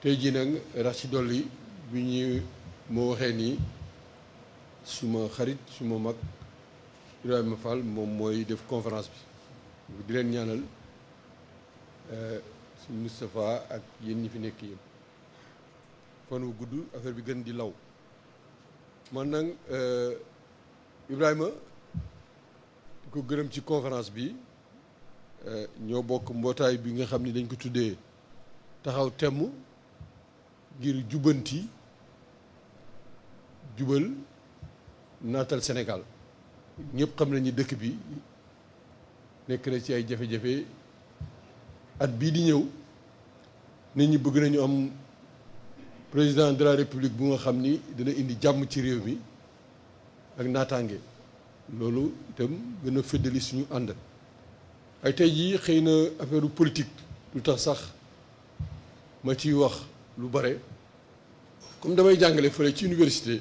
tey jii nag rax ci dolli bi ñu moo waxee ni suma xarit suma mag Ibrahima Fall moom mooy def conférence bi di leen ñaanal suñ Moustapha ak yéen ñi fi nekk yéen fan wu gudd affaire bi gën di law man nag euh, Ibrahima di ko gërëm ci conférence bi euh, ñoo bokk mbootaay bi nga xam ni dañ ko tuddee taxaw temm ngir jubanti jubal naatal senegal ñëpp xam nañu dëkk bi nekk na ci ay jafe-jafe at bii di ñëw nit ñi bëgg nañu am président de la république bu nga xam ni dina indi jàmm ci réew mi ak naataange loolu itam gën a féddali suñu ànd ay tey jii xëy na affaire politique lu tax sax ma ciy wax lu bare comme damay jàngale fële ci université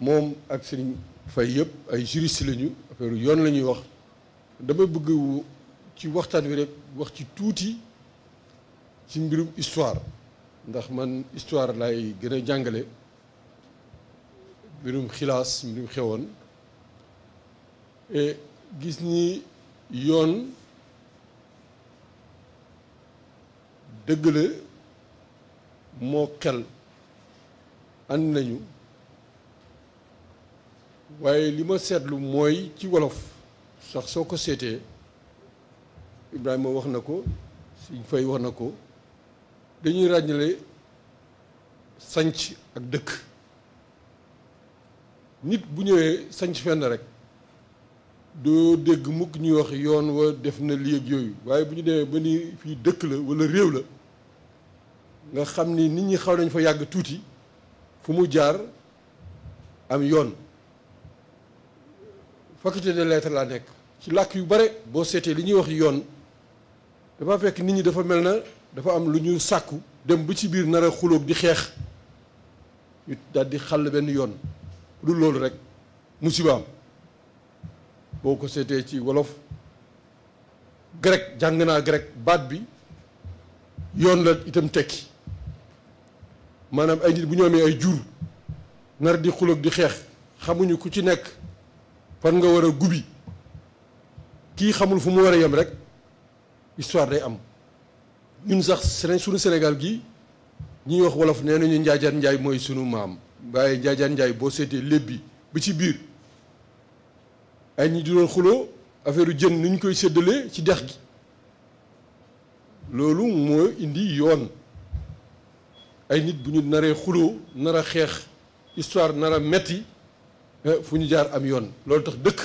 moom ak sëriñ fay yëpp ay juriste lañu affaire yoon la ñuy wax dama bëgg ci waxtan wi rek wax ci ci mbirum histoire ndax man histoire lay gën jàngale mbirum mbirum et e gis ni yoon dëgg la nañu ci wolof sax Ibrahima wax na ko Sëñ Fay wax na ko dañuy ràññale sanc ak dëkk nit bu ñëwee sanc fenn rek doo dégg mukk ñuy wax yoon wa def na lii yooyu waaye bu ñu demee ba ni fii dëkk la walla réew la nga xam ni nit ñi xaw nañ fa yàgg tuuti fu mu jaar am yoon faculté de lettres laa nekk ci làkk yu bare boo seetee li ñuy wax yoon dafa fekk nit ñi dafa mel na dafa am lu ñu sàkku dem ba ci biir nar a xuloog di xeex ñu di xàll benn yoon du loolu rek musiba am boo ko seetee ci wolof grec jàng naa grec baat bi yoon la itam tekki maanaam ay nit bu ñu amee ay jur nar di xuloog di xeex xamuñu ku ci nekk fan nga war a gubi kii xamul fu mu war a yem rek histoire day am ñun sax sunu senegal gi ñuy wax wolof nee nañu njaajaan njaay mooy sunu maam waaye njaajaan njaay boo seetee léeb bi ba ci biir ay ñi di doon xuloo affaire jën nu ñu koy séddalee ci dex gi loolu moo indi yoon ay nit bu ñu naree xuloo nar a xeex histoire nar metti eh, fu ñu jaar am yoon loolu tax dëkk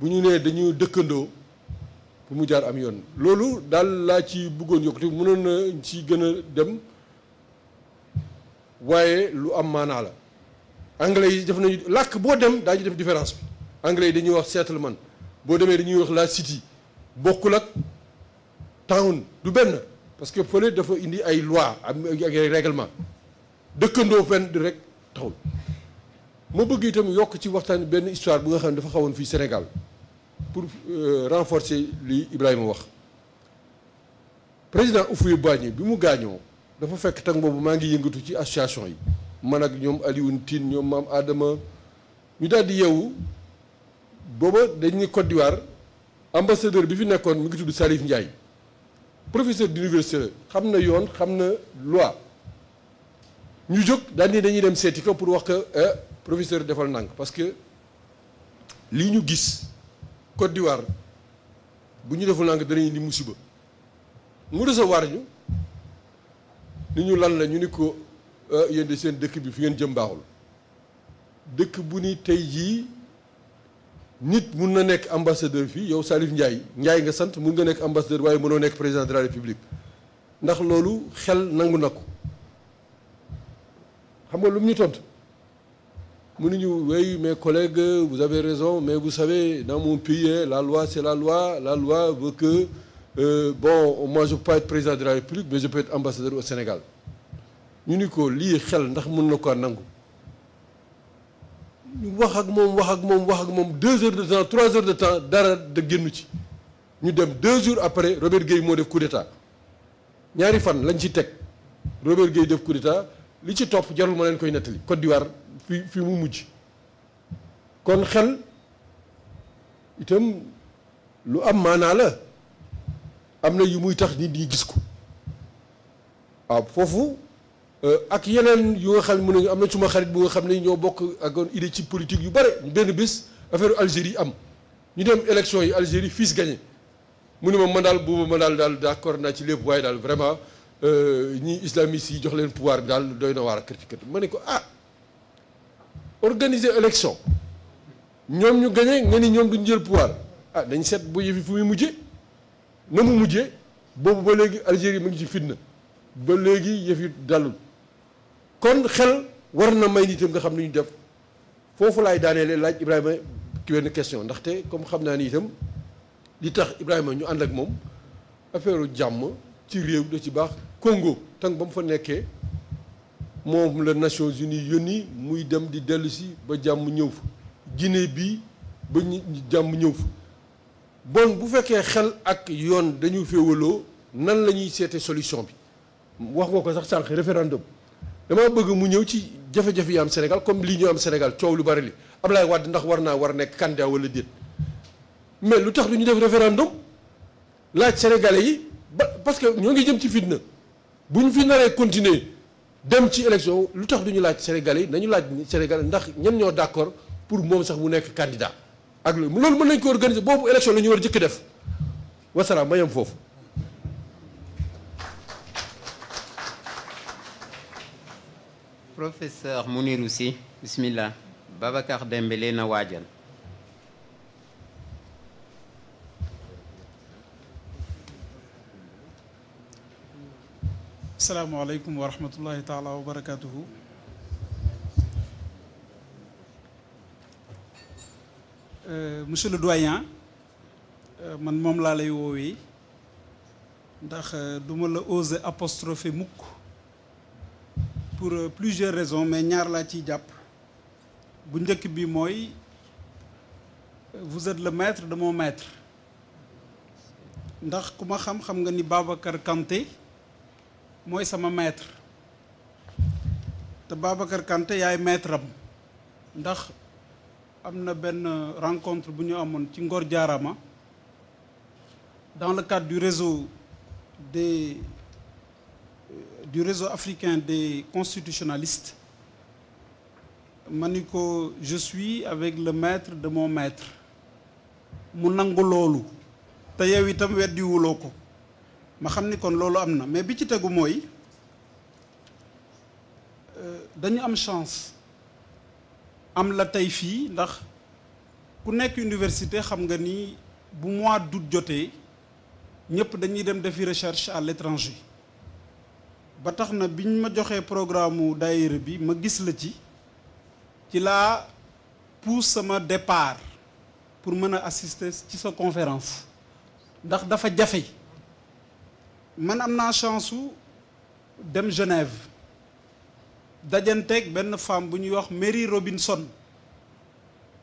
bu ñu nee dañu dëkkandoo bu mu jaar am yoon loolu daal laa ci bëggoon yokkute mënoon na ci gën a dem waaye lu am maanaa la anglais yi def nañu làkk boo dem daa daañu def différence bi anglais yi dañuy wax settlement boo demee dañuy wax la city bokkul ak town du benn parce que fële dafa indi ay loi am ak ay règlement dëkkandoo fenn di rek taxul ma bëgg itam yokk ci waxtaan benn histoire bu nga xam ne dafa xawoon fii Sénégal pour euh, renforcer li Ibrahima wax président Houphouët-Boigny bi mu gaañoo dafa fekk tag boobu maa ngi yëngatu ci association yi man ak ñoom Alioune Tine ñoom maam Adama ñu daal di yeewu booba dañ ni Côte d'Ivoire ambassadeur bi fi nekkoon mu ngi tudd Salif Ndiaye professeur d'université xam na yoon xam na loi ñu jóg daal dañuy dem seeti ko pour wax que eh, professeur defal ndànk parce que lii ñu gis Côte d'Ivoire bu ñu deful nank danañu di musiba mu recevoir ñu ni ñu lan la ñu ni ko ah, yéen de seen dëkk bi fi ngeen jëm baaxul dëkk bu ni tey jii nit mun na nekk ambassadeur fii yow Salif njaay njaay nga sant mun nga nekk ambassadeur waaye mënoo nekk président de la république ndax loolu xel nangu na ko xam nga lu mu ñu tontu. oui, mes collègues, vous avez raison, mais vous savez, dans mon pays, hein, la loi, c'est la loi. La loi veut que, euh, bon, moi, je ne peux pas être président de la République, mais je peux être ambassadeur au Sénégal. Nous avons dit que nous avons deux heures de temps, trois heures de temps, de Nous sommes deux jours après, Robert Gueye m'a fait coup d'État. Nous avons fait Robert Gueye a fait coup d'État. Ce qui est top, c'est que nous avons fait Côte d'Ivoire. fi fi mu mujj kon xel itam lu am maanaa la am na yu muy tax nit ñi gis ko waaw foofu euh, ak yeneen yu nga xam ne am na suma xarit bu nga xam ne ñoo bokk ak idée ci politique yu bare benn bés affaire Algérie am ñu dem élection yi Algérie fils gagné mu ne ma man daal boobu ma daal daal d'accord naa ci lépp waaye daal vraiment euh, ñi islamistes yi jox leen pouvoir bi daal doy na waar a critique ma ne ko ah organiser élection ñoom ñu gagné nga ni ñoom duñ jël pouvoir ah dañ seet bu yëfi fu muy mujjee na mu mujjee boobu ba léegi Algérie mu ngi ci fitna ba léegi yëfi dalul kon xel war na may nitam nga xam ni ñu def foofu laay daaneele laaj Ibrahima ki benn question ndaxte comme xam naa ni itam li tax Ibrahima ñu ànd ak moom affaire jàmm ci réew da ci baax Congo tang ba mu fa nekkee. mom la Nations Unies yoni muy dem di delusi ba Guinée ba bon bu xel ak yoon dañu féwelo nan lañuy solution bi wax sax référendum dama bëgg mu ñew ci jafé jafé yam Sénégal comme li ñu am Sénégal ciow lu bari li les wad ndax warna war mais lu def référendum sénégalais yi parce que ñoo jëm ci fitna bu fi dem ci élection lutax duñu laaj Sénégalais yi nañu laaj Sénégalais ndax ñen ñoo d'accord pour mom sax mu nekk candidat ak loolu mën nañ ko organiser boobu élection la ñu war a jëkk def wasalaam ma yem foofu. professeur Mounirou Sy bismillah Babacar Dembélé na waajal. alaikum wa rahmatullahi taala wa barakatuhu euh, monsieur le doyen euh, man moom laa lay woowee ndax euh, duma la oser apostropher pour plusieurs raisons mais ñaar la ciy jàpp bu vous êtes le maître de mon maître ndax ku ma xam xam nga ni Babacar Kanté moy sama maître te Babacar Kanté yaay maître am ndax amna ben rencontre buñu amone ci Ngor diarama. dans le cadre du réseau des du réseau africain des constitutionnalistes Maniko, je suis avec le maître de mon maître mu nangu loolu te yow itam weddiwuloo ma xam ni kon loolu am mais bi ci tegu mooy euh, dañu am chance am la tay fi ndax ku nekk université xam nga ni bu mois d'août jotee ñëpp dañuy dem def recherche à l'étranger ba tax na biñ ma joxé programme mu bi ma gis la ci ci la pousse sama départ pour mën assister ci sa conférence ndax dafa jafé man am naa dem Genève dajanteeg benn femme bu ñuy wax Mary Robinson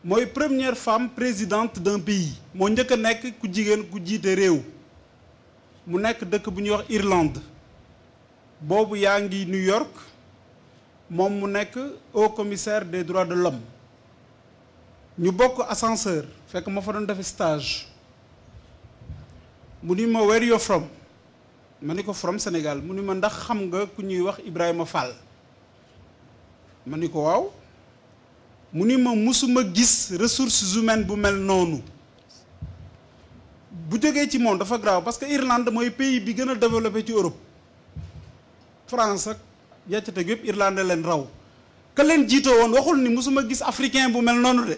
mooy première femme présidente d'un pays moo njëkk a nekk ku jigéen ku jiite réew mu nekk dëkk bu wax Irlande boobu yaa New York moom mu nekk haut commissaire des droits de l'homme ñu bokk ascenseur fekk ma fa doon defe stage mu ni ma where you from ma ni ko From Sénégal mu ni ma ndax xam nga ku ñuy wax Ibrahima Fall ma ni ko waaw mu ni ma mësuma gis ressources humaines bu mel noonu bu jógee ci moom dafa grave parce que Irlande mooy pays bi gën a développé ci Europe France ak yàcc teg leen raw ka leen jiitoo woon waxul ni mësuma gis africain bu mel noonu de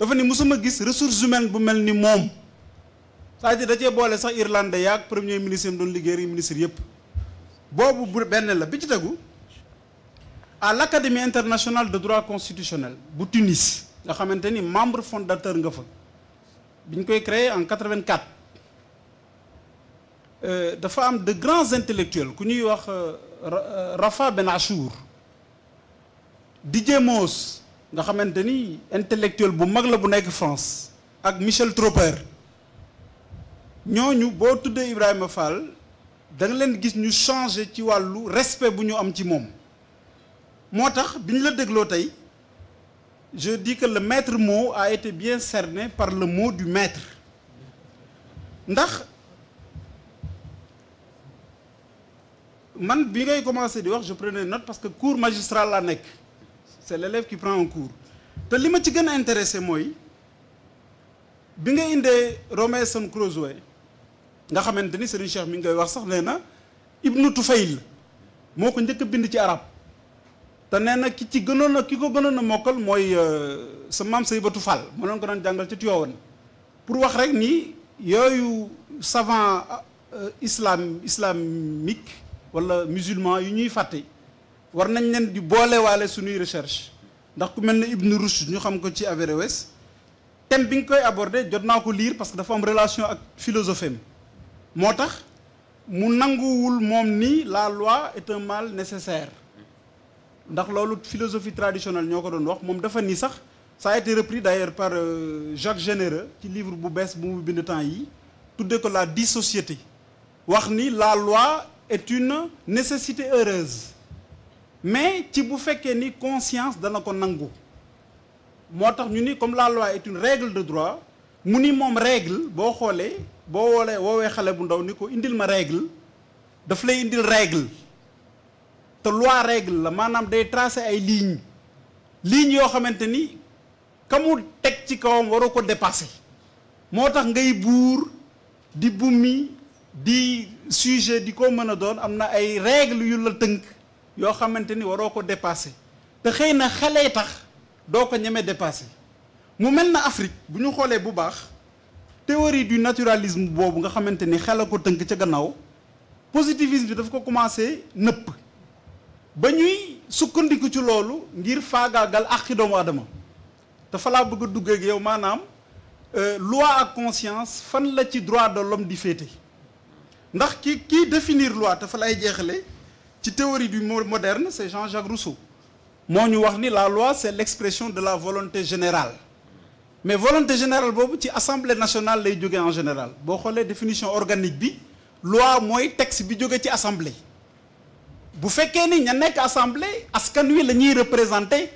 dafa ni musuma gis ressources humaines bu mel ni moom c'est-à-dire que cee boole sax irlandais le premier ministre de doon le ministre de boobu à l'Académie internationale de droit constitutionnel au Tunis nga xamante un membre fondateur nga fa été créé en 84 euh, dafa femmes de grands intellectuels qui ñuy euh, euh, Rafa Ben Achour Didier Moss, intellectuel qui mag la France ak Michel Troper ñoñu bo tuddee Ibrahima Fall da nga leen gis ñu changé ci walu respect bu ñu am ci mom motax biñ la je dis que le maître mot a été bien cerné par le mot du maître ndax man bi ngay commencé di wax je prenais note parce que cours magistral la c'est l'élève qui prend un cours te li ma ci gën intéressé moy bi nga romain son nga xamante ni Serigne Cheikh mi ngi koy wax sax nee na Ibnu Tufayl moo ko njëkk a bind ci arab te nee na ki ci gënoon a ki ko gënoon a mokkal mooy euh, sa maam Saybatu Fall moo leen ko doon jàngal ci Tiwaawan pour wax rek nii yooyu savant euh, islam islamique wala musulman yu ñuy fàtte war nañ leen di boole waale suñuy recherche ndax ku mel ne Ibn Rushd ñu xam ko ci Averroès thème bi nga koy abordé jot naa ko liir parce que dafa am relation ak philosophie am motax mu ni la loi est un mal nécessaire ndax lolu philosophie traditionnelle ñoko doon wax mom dafa ni sax ça a été repris d'ailleurs par euh, Jacques Généreux qui livre bu bees bu mu bind temps yi la dissociété wax la loi est une nécessité heureuse mais ci bu fekkee ni conscience da ko nangou motax ñu ni comme la loi est une règle de droit mu ni mom règle bo xolé boo woolee woowee xale bu ndaw ni ko indil ma règle daf lay indil règle te loi règle la maanaam day tracer ay ligne ligne yoo xamante ni ka teg ci kawam waru ko dépasser moo tax ngay buur di bumi di sujet di ko mën a doon am na ay règle yu la tënk yoo xamante ni waroo ko dépasser te xëy na xale tax doo ko ñeme dépasser mu mel na Afrique bu ñu xoolee bu baax théorie du naturalisme bobu nga xamanteni ni xel a ko tënk ca gannaaw positivisme bi daf ko commencé nëpp ba ñuy sukkandiku ci lolu ngir faagaagal àqi adama te fa la bëgg dugg ak yow maanaam euh, loi à conscience fan la ci droit de l'homme di fété ndax ki ki définir loi fa lay jeexale ci théorie du moderne c'est Jean-Jacques Rousseau mo ñu wax ni la loi c'est l'expression de la volonté générale mais volonté générale boobu ci assemblée nationale lay jóge en général boo la définition organique bi loi mooy texte bi l'assemblée. ci assemblée bu qu'il ni a une assemblée est-ce la nous sommes représentés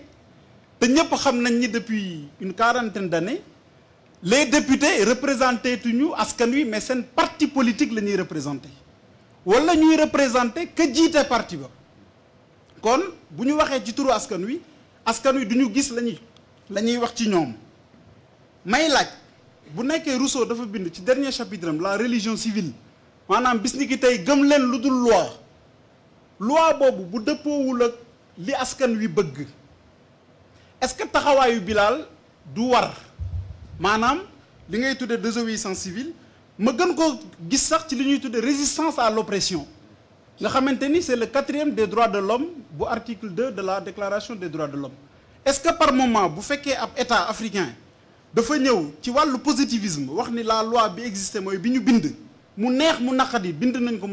ñëpp xam nañ ni depuis une quarantaine d'années les députés représenté tuñu askan wi mais seen parti politique la ñuy représenté wala ñuy représentés que jiite parti ba kon bu ñu waxee ci turu askan wi askan wi du ñu gis la ñuy la ñuy wax ci ñoom may laaj bu nekkee Rousseau dafa bind ci dernier chapitre la religion civile manam bisni ni ki tey gëm leen loi loi boobu bu ou ak li askan wi bëgg est-ce que taxawaayu Bilal du war maanaam li ngay désobéissance civile ma gën ko gis sax ci li ñuy résistance à l'oppression nga xamante c'est le quatrième des droits de l'homme bu article 2 de la déclaration des droits de l'homme est-ce que par moment bu fekkee ab état africain dafa ñëw ci le positivisme wax la loi bi existé bind mu neex mu bind nañ ko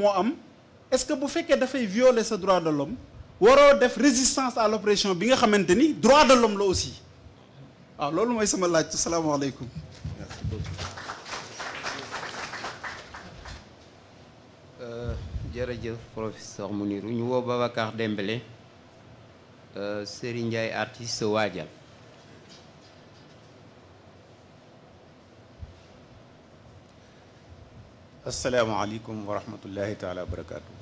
est-ce que bu da vous violer ce droit de l'homme waro def résistance à l'oppression bi nga xamanteni droit de l'homme aussi waaw lolu que sama laaj euh, jërëjëf professeur ñu Babacar Dembélé euh, Ndiaye artiste السلام عليكم ورحمة الله تعالى وبركاته.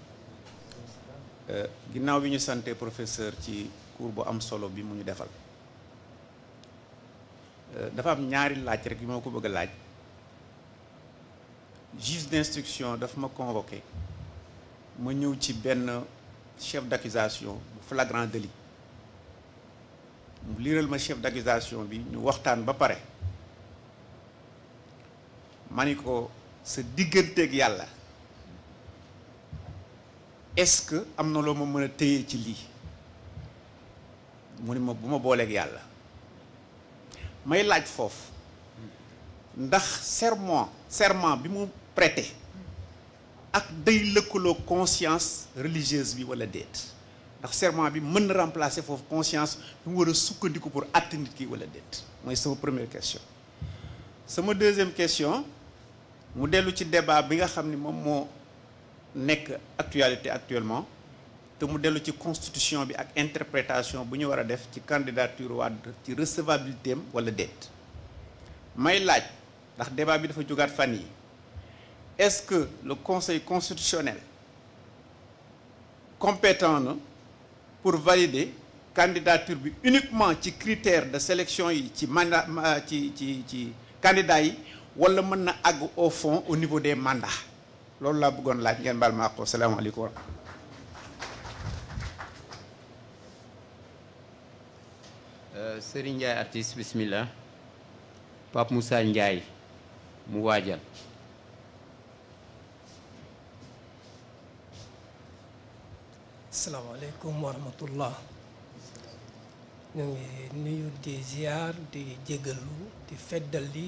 جناو بني سانتة بروفيسور تي كورب أم سولو بي موني دفال. دفام نياري لاتي ركي موكو بغل لاتي. جيس دينستركسيون دف ما كونوكي منيو تي بن شيف داكيزاسيون فلاغران دلي. ليرل ما شيف داكيزاسيون بي نو وقتان بباري. مانيكو sa ak yalla est-ce que am na loo ma mën ci li mune ne ma bu ma booleeg yàlla may laaj fof ndax serment serment bi mu prêté ak dey lëkkaloo conscience religieuse bi wala dette. ndax serment bi mën remplacer fof conscience bi wara war sukkandiku pour atteindre nit ki wala déet moy sama première question sama deuxième question le modèle ci débat qui est actuellement te mu de constitution et l'interprétation interprétation la candidature Wade ci recevabilité ou la dette. may laaj le débat bi de est-ce que le conseil constitutionnel compétent pour valider la candidature uniquement uniquement les critères de sélection et candidats wala mën na àgg au fond au niveau des mandats loolu laa bëggoon laaj ngeen baal ma àqu salaamaaleykum wa euh, Serigne Ndiaye mu waajal asalaamaaleykum wa rahmatullah ñu ngi nuyu di di jégalu di feddali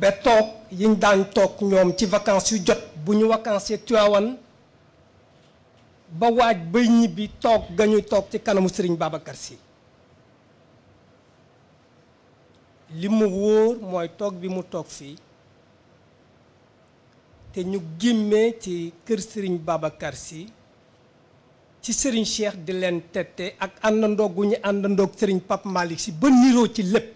be tok yiñ daan tok ñom ci vacances yu jot bu ñu vacances ci Tiwaawan ba waj bay ñibi tok gañu tok ci kanamu Serigne Babacar si limu woor moy tok bi mu tok fi te ñu gémmee ci kër Serigne Babacar si ci Serigne Cheikh di len tété ak àndandoog gu andandok Serigne pap malik si ba niro ci lepp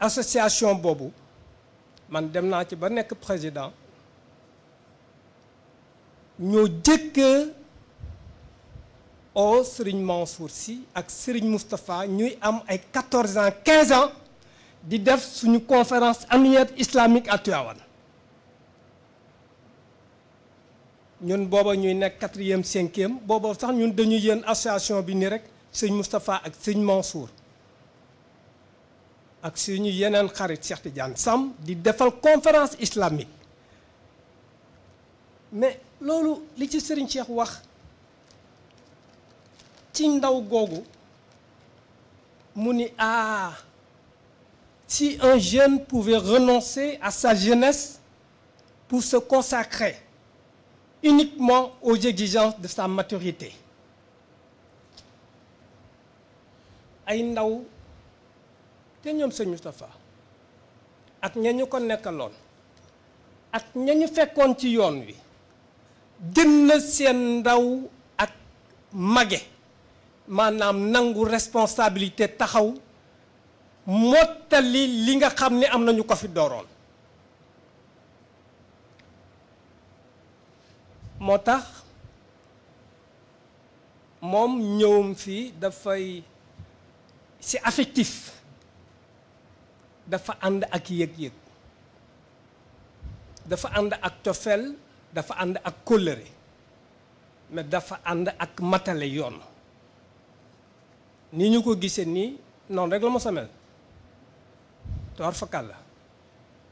association Bobo, man dem naa ci ba nek président ñu dit o Serigne Mansour si ak Serigne Moustapha ñuy am ay 14 ans 15 ans di def suñu conférence annuelle islamique à Nous ñun bobu ñuy 4e quatrième e bobu sax ñun dañuy yéen association bi ni rek Serigne Moustapha ak Serigne Mansour ak suñu yenen xarit Cheikh Tidiane Sam di defal conférence islamique mais loolu li ci Serigne Cheikh wax ci ndaw googu ah, si un jeune pouvait renoncer à sa jeunesse pour se consacrer uniquement aux exigences de sa maturité ay ndaw te ñoom sëñ Moustapha ak ña ñu ko nekkaloon ak ña ñu fekkoon ci yoon wi gën na seen ndaw ak mage maanaam nangu responsabilité taxaw mottali li nga xam ne am nañu ko fi dooroon moo tax moom ñëwum fii dafay c'est affectif dafa anda ak yek yek dafa anda ak tofel dafa anda ak kóllëre mais dafa anda ak matalé yoon ni ñu ko gissé ni non rek la mo samel tor fa kala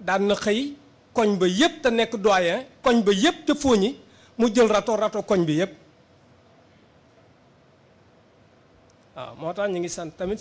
dan na xey koñ ba yépp ta nek doyen koñ ba yépp te fooñi mu jël rato rato koñ bi yépp ah tax ngi sant tamit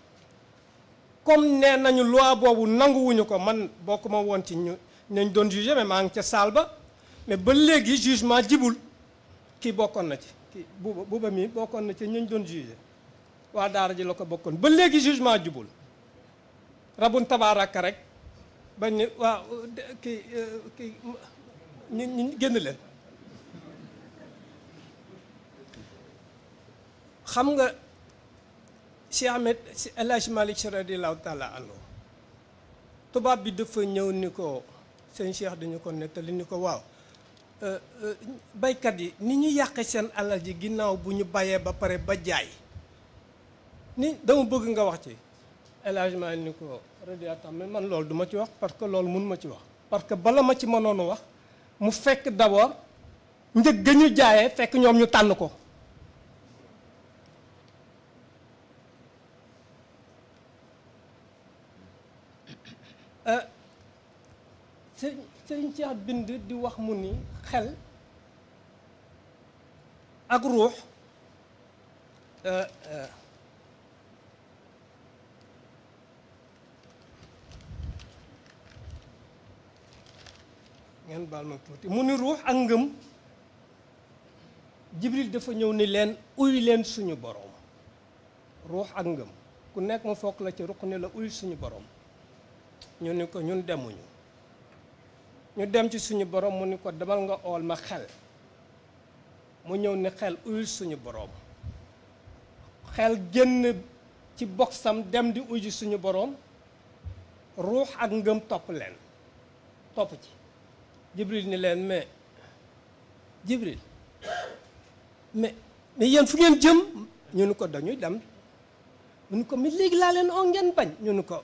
comme nee nañu loi boobu nanguwuñu ko man bokkuma woon ci ñu nañ doon jugé mais maa ngi ca saal ba mais ba léegi jugement jibul kii bokkoon na ci kii buba buba mii bokkoon na ci ñu doon jugé waa daara ji la ko bokkoon ba léegi jugement jibul rabun tabaaraka rek ba ne waaw kii euh, kii ñu ñu génn leen xam nga Cheikh si El Hadj Malick Sy radiyallahu taala anhu tubaab bi dafa ñëw ni ko seen Cheikh dañu ko nettali ni ko waaw euh, euh, baykat yi ni ñu yàqe seen alal ji ginnaaw bu ñu bayee ba pare ba jaay ni dama bëgg nga wax ci El Hadj Malick ni ko radiyallahu taala man lool duma ci wax parce que loolu mun ma ci wax parce que bala ma ci mënoon wax mu fekk d'abord njëg ga ñu jaayee fekk ñoom ñu tànn ko Euh, sëñ sëñ Cheikh bind di wax mu ni xel ak ruux euh, euh. ngeen baal ma tuuti mu ni ruux ak ngëm jibril dafa ñëw ni leen uy leen suñu boroom ruux ak ngëm ku nekk mu fokk la ci ruq ni la uy suñu boroom ñu ni ko ñun demuñu ñu dem ci suñu boroom mu ni ko demal nga ool ma xel mu ñëw ni xel uyul suñu boroom xel génn ci boksam dem di uji suñu boroom ruux ak ngëm topp leen topp ci jibril ni leen mais jibril mais mais yéen fu ngeen jëm ñu ni ko dañuy dem mu ni ko mi léegi laa leen oo ngeen bañ ñu ni ko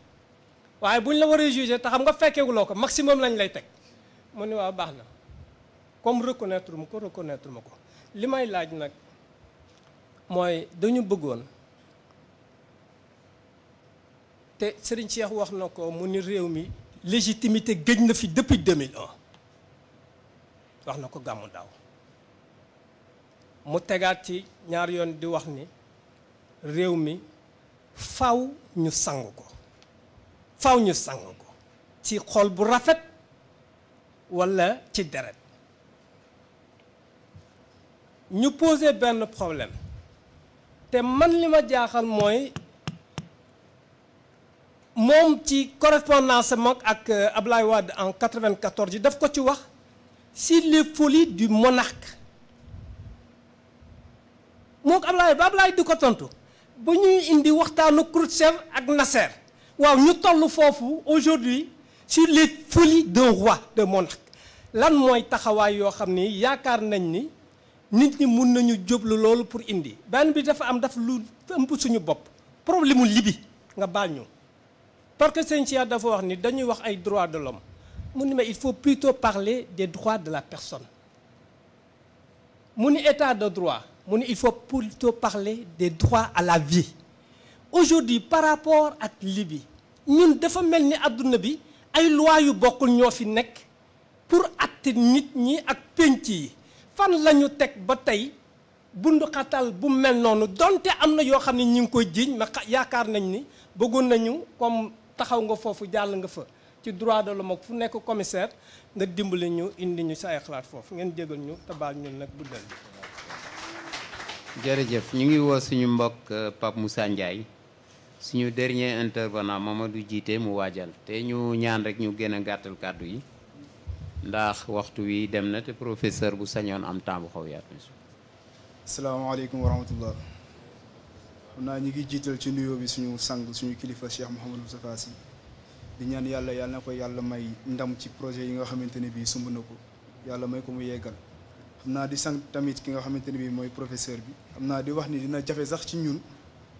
waaye buñ la war a jugé te xam nga fekkeeguloo ko maximum lañ lay teg mu ni waaw baax na comme reconnaître ma ko reconnaître ma ko li may laaj nag mooy dañu bëggoon te Serigne Cheikh wax na ko mu ni réew mi légitimité gëj na fi depuis 2001 wax na ko gàmmu daaw mu tegaat ci ñaar yoon di wax ni réew mi faw ñu sang ko faw sangko sango, ci xol bu rafet wala ci deret ñu poser ben problème té man li ma jaaxal moy mom ci correspondance mag ak euh, Ablaye wad en 94 daf ko ci wax si les folies du monarque mok ko Ablaye ba Ablaye du ko tontu bu ñuy indi waxtanu Khrouchtchev ak Nasser nous ñu aujourd'hui sur les folies d'un roi de monarque Nous avons taxawaay yoo xam ni yaakaar nañ ni nit ñi mun nañu pour indi benn bi dafa am daf lu ëmb suñu le problème est libi nga parce que sëñ Cheikh dafa wax ni dañuy wax ay droits de l'homme mais il faut plutôt parler des droits de la personne mu état de droit il faut plutôt parler des droits à la vie aujourd'hui par rapport à Libye. ñun dafa mel ni àdduna bi ay loi yu bokkul ñoo fi nekk pour atte nit ñi ak pénc yi fan lañu teg ba tey bunduxatal bu mel noonu donte am na yoo xam ne ñu ngi koy jiiñ ma yaakaar nañ ni bëggoon nañu comme taxaw nga foofu jàll nga fa ci droit de l'homme fu nekk commissaire nga dimbali ñu indi ñu sa ay xalaat foofu ngeen jégal ñu tabaal ñun nag guddal bi jërëjëf ñu ngi woo suñu mbokk Pape Moussa Ndiaye suñu dernier intervenant du jiite mu waajal te ñu ñaan rek ñu gën a gàttal kàddu yi ndax waxtu wi dem na te professeur bu sañoon am temps bu xaw yaatu. asalaamaaleykum xam naa ñu ngi jiital ci nuyoo bi suñu sang suñu kilifa Cheikh Mouhamadou Moustapha Sy di ñaan yàlla yàlla na ko yàlla may ndam ci projet yi nga xamante ne bii sumb na ko yàlla may ko mu yeggal xam naa di sang tamit ki nga xamante ne bii mooy professeur bi xam naa di wax ni dina jafe sax ci ñun.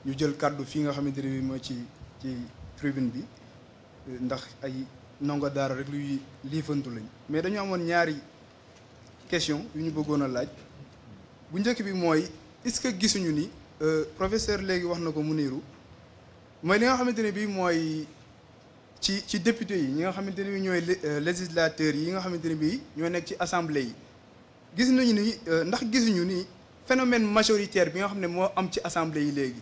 ñu jël kaddu fi nga xamante ne bi mooy ci ci tribune bi ndax ay ndongo daara rek luy liifantu lañ mais dañu amoon ñaari question yu ñu bëggoon a laaj bu njëkk bi mooy est-ce que gisuñu ni euh, professeur léegi wax na ko mu niiru mooy li nga xamante ne bi mooy ci ci député yi ñi nga xamante ne bi ñooy euh, législateurs yi nga xamante ne bi ñoo nekk ci assemblée yi gis nañu ni euh, ndax gisuñu ni phénomène majoritaire bi nga xam ne moo am ci assemblée yi léegi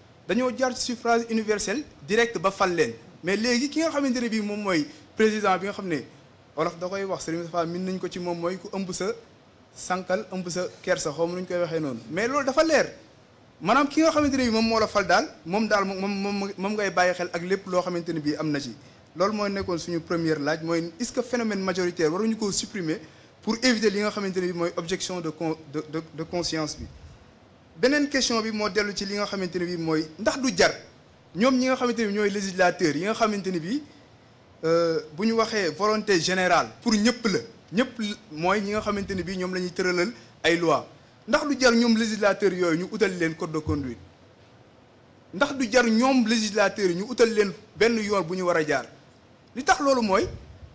dañoo jaar ci suffrage universel direct ba fal mais léegi ki nga président bi nga xam da koy wax Serigne min ko ci ku ëmb sa ëmb mais loolu dafa leer maanaam ki nga xamante ne bii moom la fal daal moom daal moom moom ngay bàyyi xel ak lépp loo xamante ne bii ci première ce phénomène majoritaire supprimer pour éviter li objection de conscience benen question bi mo delu ci li nga xamanteni bi moy ndax du jar ñom ñi nga xamanteni ñoy législateur yi nga xamanteni bi euh buñu waxé volonté générale pour ñëpp la ñëpp moy ñi nga xamanteni bi ñom lañuy teureulal ay loi ndax du jar ñom législateur yoy ñu utal leen code de conduite ndax du jar ñom législateur ñu utal leen benn yoon buñu wara war jaar li tax lolu moy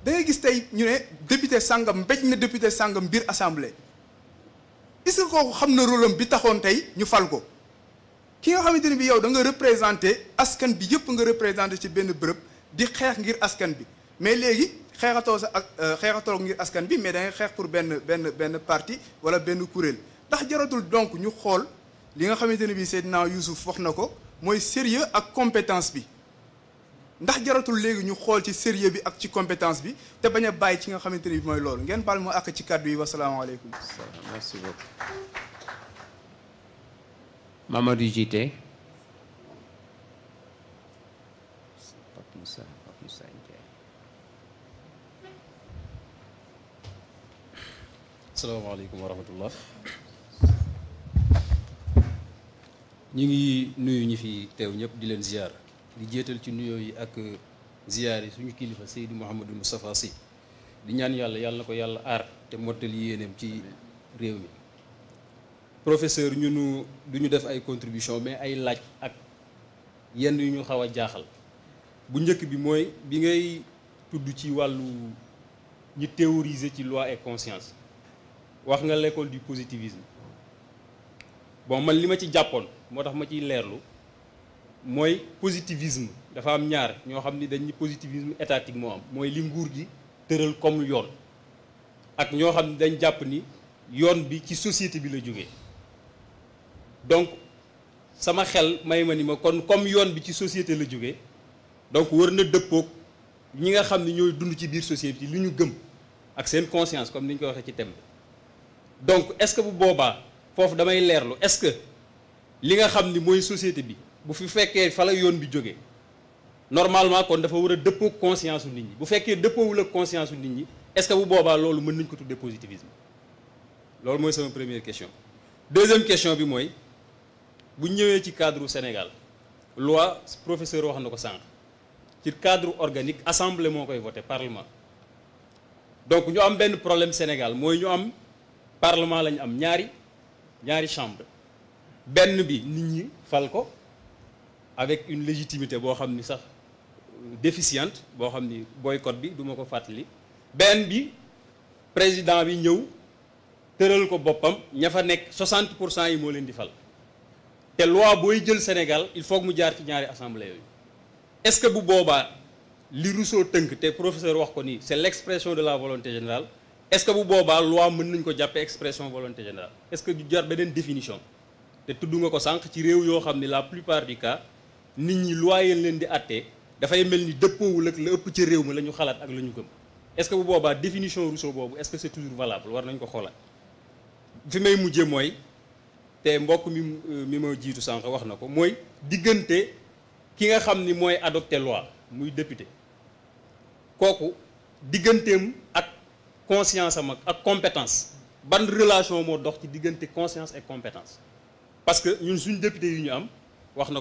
da ngay gis tay ñu né député sangam mbéj na député sangam bir assemblée est-ce que bi taxoon tey ñu fal ko ki nga xamante bi yow da nga représenté askan bi yëpp nga représenté ci benn di xeex ngir askan mais léegi xeexatoo sa ak euh, xeexatoo ngir askan bi mais da ngay xeex pour benn benn benn parti wala benn kuréel donc ñu xool li nga xamante bi Youssouf wax na ko sérieux ak compétence bi ndax jaratul léegi ñu xool ci sérieux bi ak ci compétence bi te bañ a bàyyi ci nga xamante ni bi mooy loolu ngeen baal moo àkk ci kàddu yi wasalaamaaleykum. merci beaucoup. Mamadou Jité. salaamaaleykum wa rahmatullah. ñu ngi nuyu ñu fi teew ñëpp di leen ziar. di jéetal ci nuyoo yi ak ziyaar yi suñu kilifa Seydi Mouhamadou Moustapha Sy di ñaan yàlla yàlla na ko yàlla aar te mottali yéeneem ci réew mi professeur ñunu du ñu def ay contribution mais ay laaj ak yenn yu ñu xaw a jaaxal bu njëkk bi mooy bi ngay tudd ci wàllu ñi théoriser ci loi et conscience wax nga lekkool du positivisme bon man li ma ci jàppoon moo tax ma ciy leerlu moy positivisme dafa am ñaar xamni dañ ni positivisme étatique mo am moy li nguur gi tëral comme yoon ak ño xamni dañ japp ni yoon bi ci société bi la jógee donc sama xel may ma ni ma kon comme yoon bi ci société la jógee donc war na dëppoog ñi nga xamni ne dund ci biir société li ñu gëm ak seen conscience comme niñ ko waxee ci thème donc est-ce que bu boba fofu damay leerlu est-ce que li nga xamni moy société bi bu fi que fa la yoon bi jógee normalement kon dafa war dépôt de conscience su vous ñi bu dépôt dëppoowul le conscience nit est-ce que vous pouvez avoir mën nañ ko de positivisme c'est première question deuxième question bi mooy bu ñëwee ci cadre Sénégal loi professeur wax na le cadre organique assemblée mon voter parlement donc ñu am un problème au Sénégal mooy ñu am parlement la am chambre benn bi nit ñi avec une légitimité bo xamni sax déficiente bo xamni boycott bi du ma ko fàttali benn bi président bi ñew teural ko bopam ñafa nek 60 yi mo leen di fal te loi boy jël Sénégal il faut mu jaar ci ñaari assemblée yooyu est-ce que bu boba li Rousseau tënk té professeur wax ko ni c'est l'expression de la volonté générale est-ce que bu boba loi mën nañ ko jappé expression volonté générale est-ce que du jaar benen définition té tuddu nga ko sank ci réew yo xamni la plupart du cas nit ñi loyer leen di àttee dafay mel ni dëppoowul ak la ëpp ci réew mi lañu xalat ak la gëm est-ce que bu boobaa définition Rousseau bobu est-ce que c'est toujours valable war nañ ko xoolaat fi may mujjé moy té mbokk mi euh, mi ma jiitu sànq wax na ko mooy ki nga xamni moy adopter adopté loi muy député koku digëntém ak conscience am ak compétence ban relation mo dox ci digënté conscience et compétence parce que ñun suñ député yi ñu am wax na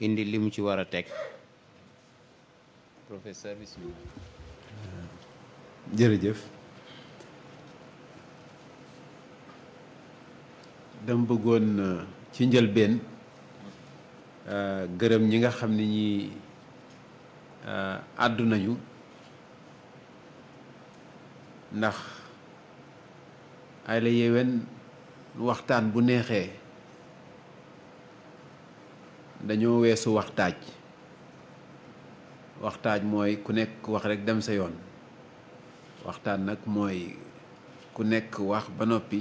indi lim uh, uh, ci wara tek professeur bismillah jërëjëf dam bëggoon ci euh gërëm ñi nga xamni ñi euh addu nañu ndax ay la yewen waxtaan bu neexee dañoo weesu waxtaaj waxtaaj mooy ku nekk wax rekk dem sa yoon waxtaan nag mooy ku nekk wax ba noppi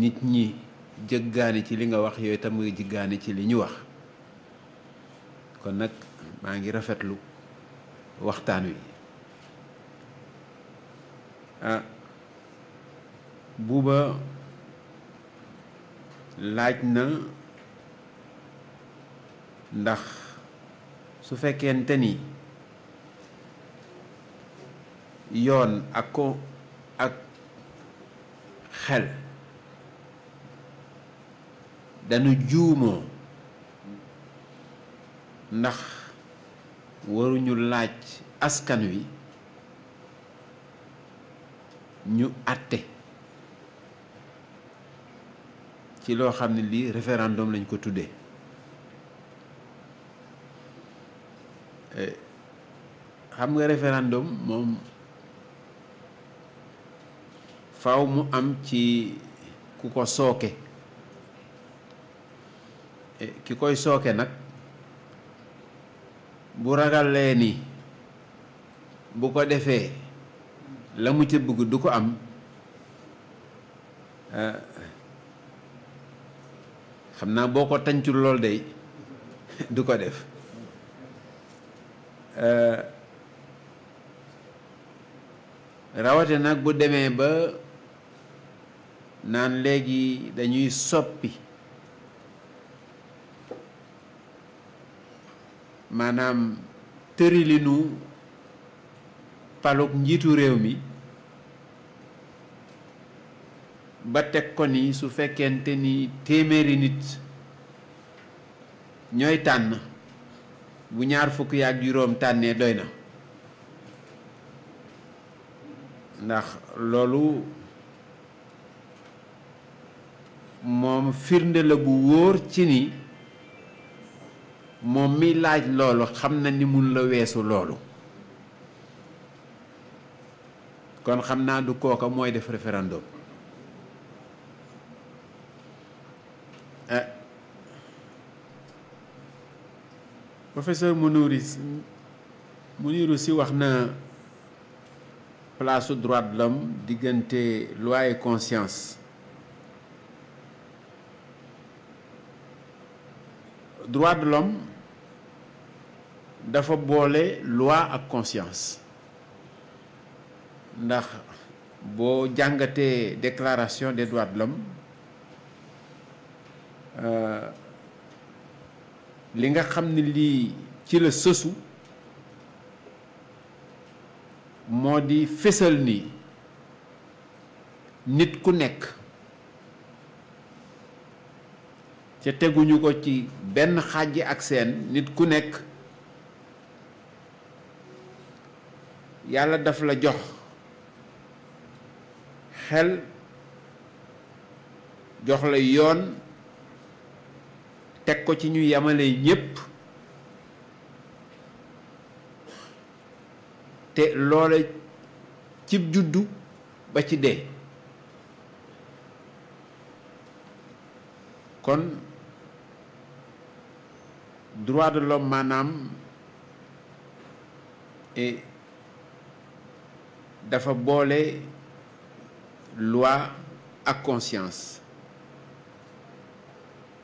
nit ñi jëggaani ci li nga wax yooyu tam nga jëggaani ci li ñu wax kon nag maa ngi rafetlu waxtaan wi ah buuba laaj na ndax su fekkente ni yoon ak ko ak xel dañu juumoo ndax waruñu laaj askan wi ñu àtte ci loo xam ne lii référendum lañu ko tuddee Eh, xam nga référendum moom faw mu am ci ku ko sooke eh, ki koy sooke nag bu ragalee ni bu ko defee la mu ci bëgg du ko am eh, xam naa boo ko tancul lool day [laughs] du ko def Euh, rawate nag bu demee ba naan léegi dañuy soppi maanaam tërilinu palug njiitu réew mi ba teg ko ni su fekkente ni téeméeri nit ñooy tànn bu ñaar fukk yaak juróom tànnee doy na ndax loolu moom firnde la bu wóor ci ni moom mi laaj loolu xam na ni mun la weesu loolu kon xam naa du kooka mooy def référendum eh, professeur Mounouris Mounir aussi place place place droit de l'homme dignité loi et conscience droit de l'homme dafa la loi et conscience ndax boo la déclaration des droits de l'homme euh, li nga xam ne lii ci la sësu moo di fésal nii nit ku nekk ca teguñu ko ci benn xàjji ak seen nit ku nekk yàlla daf la jox xel jox la yoon teg ko ci ñu yamale t'es te loola cib juddu ba ci dee kon droit de l'homme maanaam e dafa boole loi à conscience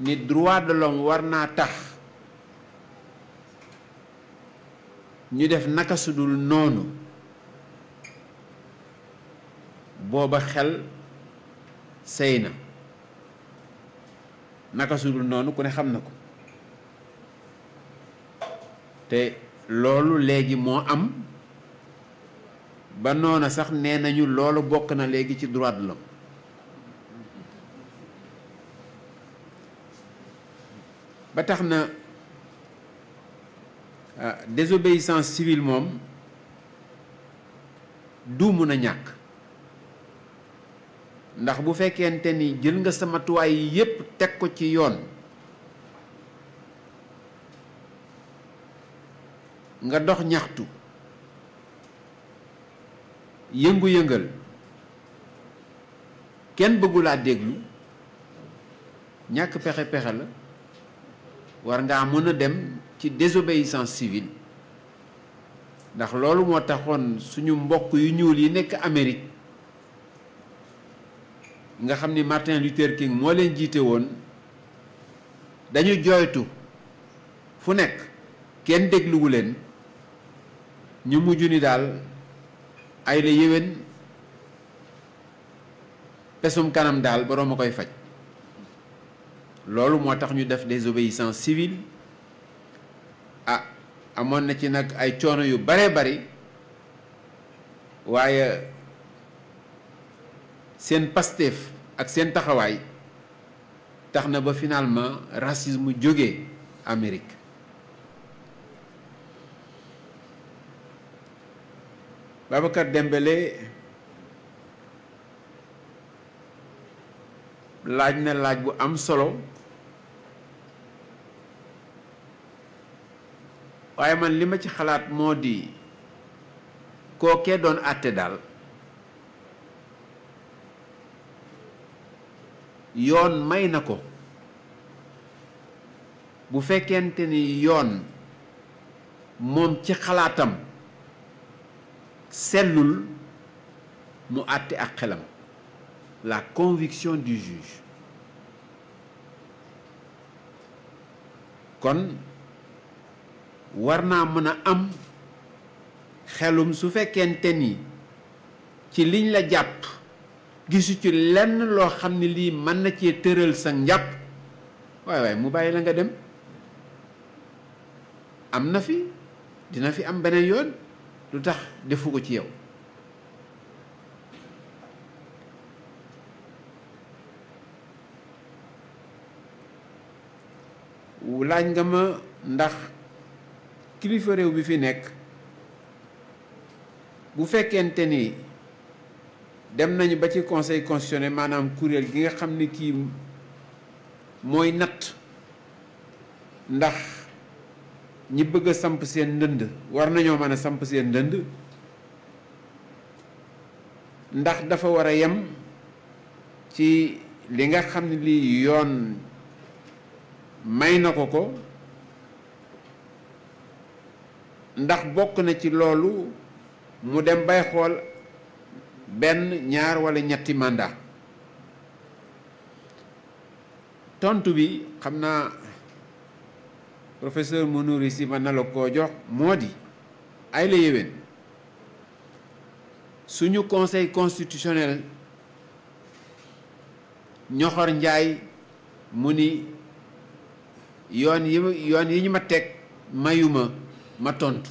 ni droit de l'homme war naa tax ñu def nakasudul noonu booba xel sëy na naka noonu ku ne xam na ko te loolu léegi moo am ba noona sax nee nañu loolu bokk na léegi ci droit de l'homme ba tax na euh, désobéissance civile moom du na a ñàkk ndax bu fekkente ni jël nga sa matuwaay yépp teg ko ci yoon nga dox ñaxtu yëngu-yëngal kenn bëggulaa déglu ñàkk pexe pexe la war nga mëna dem ci désobéissance civile ndax loolu moo taxoon suñu mbokk yu ñuul yi nekk amérique nga xam ni martin luther king moo leen jiite woon dañu joytu fu nekk kenn dégluwu leen ñu mujj ni daal ay la yéwén pesum kanam daal borom a koy loolu motax ñu def des obéissances civiles ah amoon na ci nak ay choono yu bare bari waye sen pastef ak sen taxaway taxna ba finalement racisme jógee Amérique Babacar Dembélé laaj na laaj bu am solo waaye man li ma ci xalaat moo di kookee doon àtte daal yoon may na ko bu fekkente ni yoon moom ci xalaatam sellul mu àtte ak xelam la conviction du juge kon war naa mën a am xelum su fekkente ni ci liñ la jàpp gisu ci lenn loo xam ne lii mën na cee tëral sa njàpp waay waay mu bàyyi la nga dem am na fi dina fi am beneen yoon lu tax defu ko ci yow laaj nga ma ndax kilifa rew bi fi nek bu fekente ni dem nañu ba ci conseil constitutionnel manam kuréel gi nga xamni ki moy nat ndax ñi bëgg samp seen ndënd war nañu mëna samp seen ndënd ndax dafa wara yam ci li nga xamni li yoon may na ko ko ndax bokk na ci loolu mu dem bay xool benn ñaar walla ñetti mandat tontu bi xam naa professeur Mounirou Sy mën na la koo jox moo di ay la yéwén suñu conseil constitutionnel njaay mu ni yoon yi ma yoon yi ñu ma teg mayuma ma tontu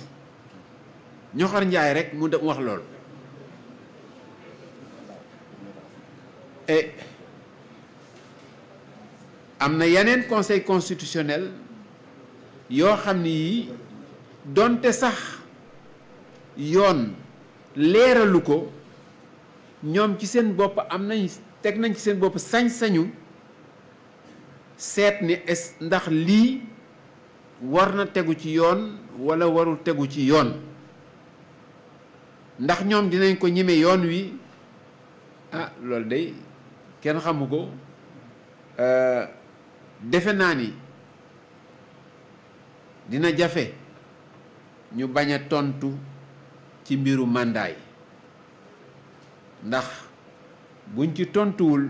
ñoxor njaay rek mu dem wax loolu et am na yeneen conseil constitutionnel yoo xam ni yii donte sax yoon leeralu ko ñoom ci seen bopp am nañ teg nañ ci seen bopp sañ-sañu seet ni es ndax lii war na tegu ci yoon walla warul tegu ci yoon ndax ñoom dinañ ko ñeme yoon wi ah loolu day kenn xamu ko euh, defe naa ni dina jafe ñu bañ a tontu ci mbiru màndaay ndax buñ ci tontuwul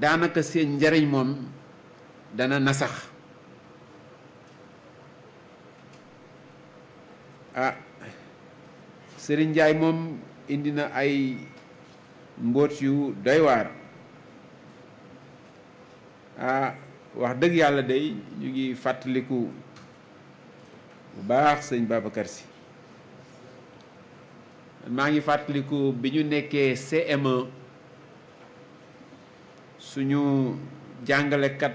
daanaka seen njariñ moom dana nasax ah Serigne njaay moom indi na ay mbóot yu doy waar ah wax dëgg yàlla day ñu ngi fàttaliku bu baax sëñ Babacar Sy maa ngi fàttaliku bi ñu nekkee cm suñu jàngalekat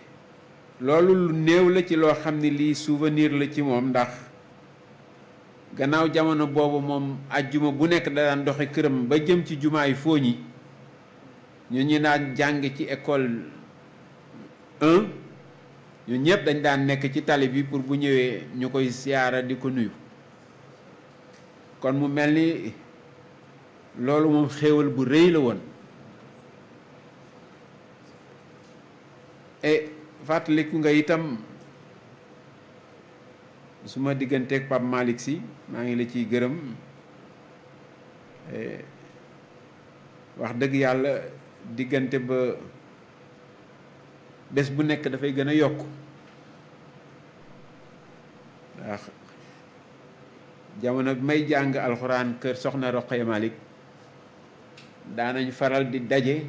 loolu lu néew la ci loo xam ne lii souvenir la ci moom ndax gannaaw jamono boobu moom ajjuma bu nekk da daan doxi këram ba jëm ci jumaay yi ñu ñu daan jàng ci école 1 ñu ñëpp dañ daan nekk ci tali bi pour bu ñëwee ñu koy siyaara di ko nuyu kon mu mel ni loolu moom xéewal bu rëy la woon fàttaliku nga itam suma ak pap Malik si ma ngi la geureum gërëm eh, wax deug yalla digante ba bes bu nek da fay gëna yok ndax jamono may jang alquran keur soxna malik da nañ faral di daje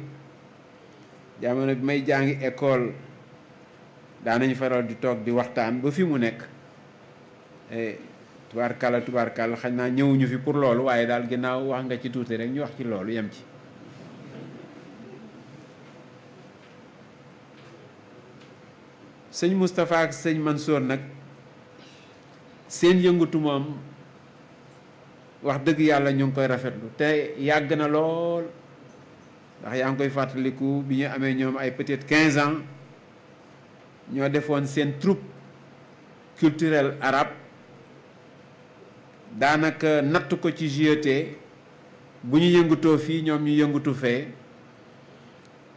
jamono may jang école daanañ faral di toog di waxtaan ba fi mu nekk e, tubaarkalla tubaarkalla xañ naa ñëwuñu fi pour loolu waaye daal ginnaaw wax nga ci tuuti rek ñu wax ci loolu yem ci sëñ Moustapha ak sëñ Mansour nag seen yëngutu moom wax dëgg yàlla ñu ngi koy rafet lu te yàgg na lool ndax yaa ngi koy fàttaliku bi ñu amee ñoom ay peut-être quinze ans avons defoon une troupe culturelle arabe daanaka natt ko ci GIET bu ñu yëngutoo fii ñu yëngutu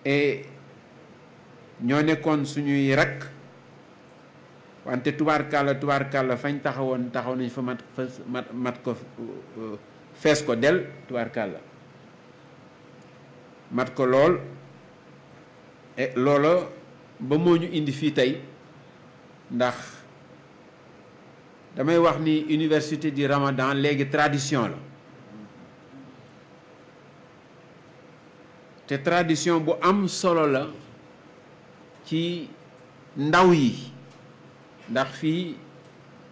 et e suñuy wante fañ taxawoon taxaw nañ fa fa mat mat ko del mat ko et ba moo ñu indi fii tey ndax damay wax ni université du Ramadan léegi tradition la te tradition bu am solo la ci ndaw yi ndax fii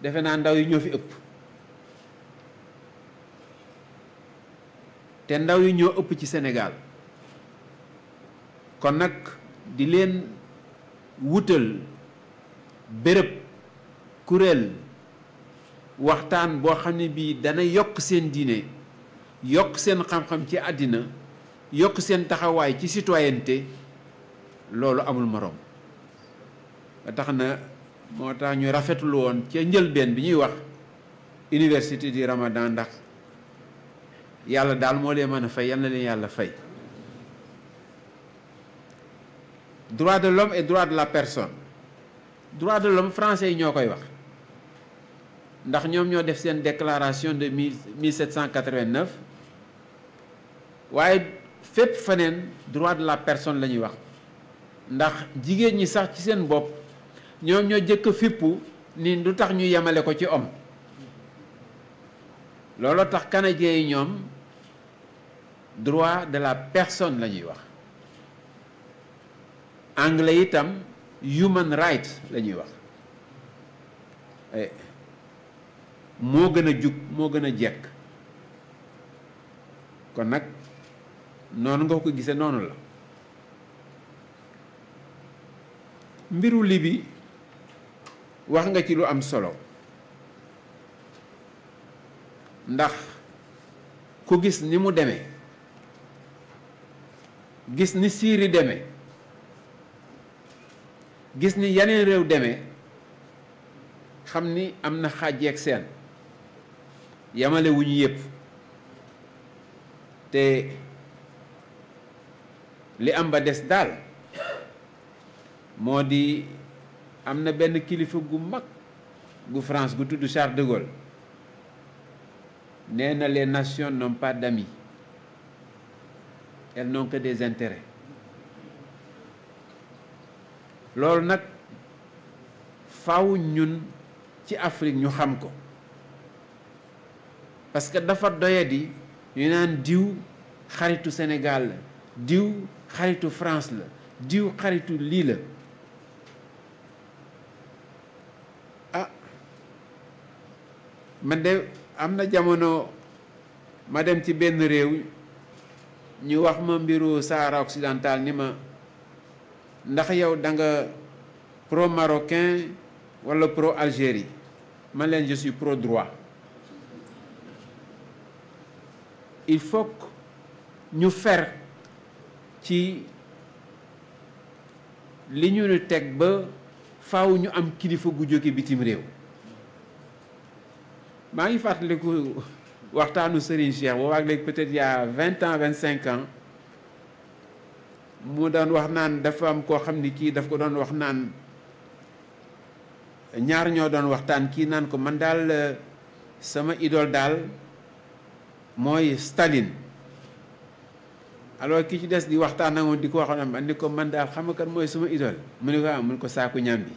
defe naa ndaw yi ñoo fi ëpp te ndaw yi ñoo ëpp ci Sénégal kon nag di leen wutal béréb kuréel waxtaan boo xam ne bii dana yokk seen diine yokk seen xam-xam ci àddina yokk seen taxawaay ci citoyenneté loolu amul moroom ba tax na moo tax ñu rafetul woon ca njëlbeen bi ñuy wax université du Ramadan ndax yàlla daal moo leen mën a fay yal na leen yàlla fay droit de l'homme et droit de la personne droit de l'homme français ils wax ndax déclaration de 1789 avons fait le droit de la personne la wax ndax jigéen ñi sax ci seen bop ñom ñoo jëkk fippu ni ñu homme tax canadiens ñom droit de la personne la anglais itam human rights lañuy wax eh, moo gën a jub moo gën a jekk kon nag noonu nga ko gisee noonu la mbiru Libi wax nga ci lu am solo ndax ku gis ni mu deme gis ni siiri deme gis ni yeneen réew demee xam ni am na xàjjeeg seen yamale wu yëpp te li am ba des daal moo di am na kilifa gu mag gu France gu tudd Charles de Gaulle nee na les nations n'ont pas d'amis elles n'ont que des intérêts loolu nag faw ñun ci Afrique ñu xam ko parce que dafa doyadi ñu naan diw xaritu Sénégal la diw xaritu France la diw xaritu lii la ah man de am na jamono ma dem ci benn réew ñu wax ma mbiru Sahara occidental ni ma ndax yow pro marocain wala pro algérie man je suis pro droit il faut ñu nous ci li ñu nous teg ba faaw ñu am kilifa gu jóge bitim réew maa ngi fàttaliku waxtaanu Serigne Cheikh boobaag léegi peut être il y a 20 ans 25 ans mu daan wax naan dafa am koo xam ni kii daf ko doon wax naan ñaar ñoo doon waxtaan kii naan ko man daal eh, sama idol dal, mooy Stalin. alors ki ci des di waxtaan ak di ko wax am ni ko man daal xam kan mooy sama idole mu ni ko ah mu ko saaku ñam bi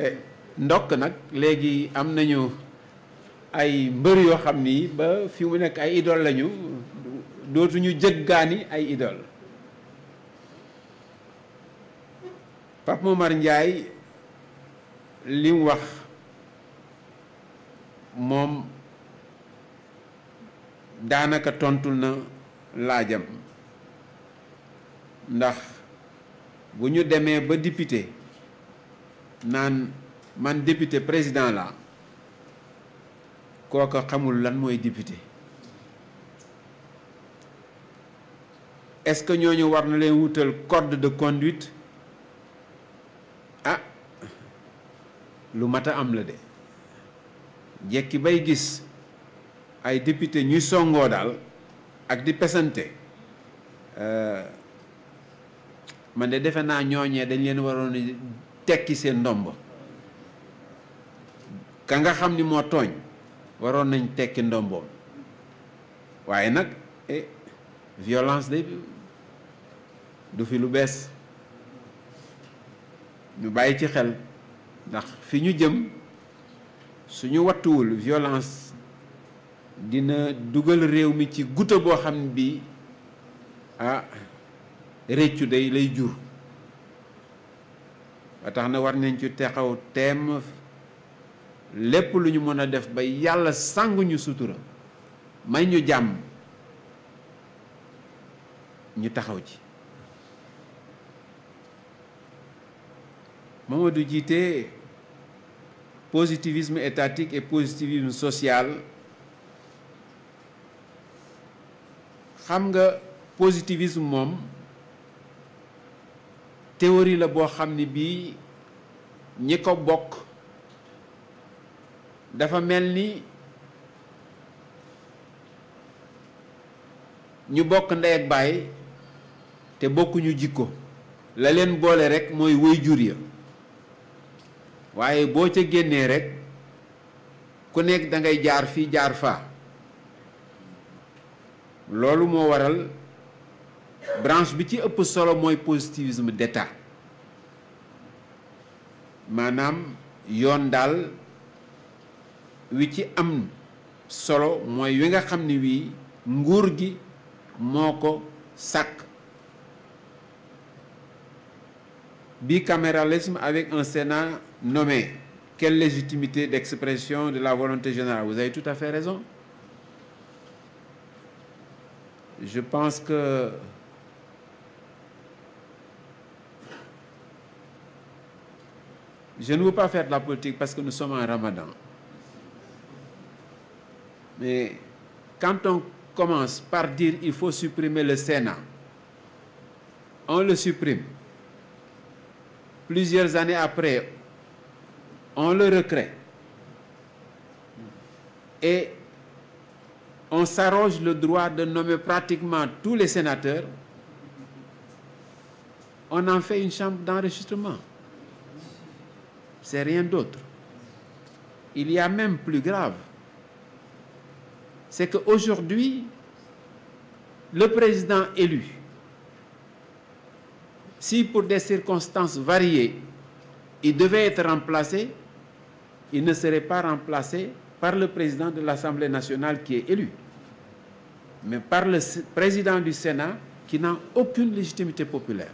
eh, ndokk nag léegi am nañu ay mbër yoo xam ni ba fi mu nekk ay idole lañu dootuñu jëggaani ay idole ay idol Ndiaye njaay mu wax moom daanaka tontu na laajam ndax bu ñu demee ba député naan man député président la kooka xamul lan mooy député est-ce que ñooñu war na leen wutal code de conduite ah lu mat a am la de jekki bay gis ay député ñuy songoo daal ak di pesante euh, man de defe naa ñooñee dañ leen waroon tekki seen ndomb ka nga xam ni moo tooñ Waron nañ tekki ndomboom waye nak eh violence de du fi lu bess ñu bàyyi ci xel ndax fi jëm suñu violence dina dugal réew mi ci guta bo xamni bi ah réccu day lay jur ba tax na war nañ taxaw thème lépp lu ñu y a def ba yàlla sàng ñu sutura may ñu jàmm ñu taxaw ci Mamadou positivisme étatique et positivisme social xam positivisme moom théorie la boo xam ni ñi dafa mel ni ñu bokk ndey ak baay te bokkuñu jikko la leen boole rekk mooy wëy jur ya waaye boo ca génnee rek ku nekk dangay jaar fi jaar fa loolu moo waral branche bi ci ëpp solo mooy positivisme d'état maanaam yoon daal wi solo moy wi nga xamni wi bicaméralisme avec un Sénat nommé quelle légitimité d'expression de la volonté générale vous avez tout à fait raison je pense que je ne veux pas faire de la politique parce que nous sommes en ramadan mais quand on commence par dire il faut supprimer le Sénat, on le supprime. Plusieurs années après, on le recrée. Et on s'arroge le droit de nommer pratiquement tous les sénateurs. On en fait une chambre d'enregistrement. C'est rien d'autre. Il y a même plus grave c'est qu'aujourd'hui, le président élu, si pour des circonstances variées, il devait être remplacé, il ne serait pas remplacé par le président de l'Assemblée nationale qui est élu, mais par le président du Sénat qui n'a aucune légitimité populaire.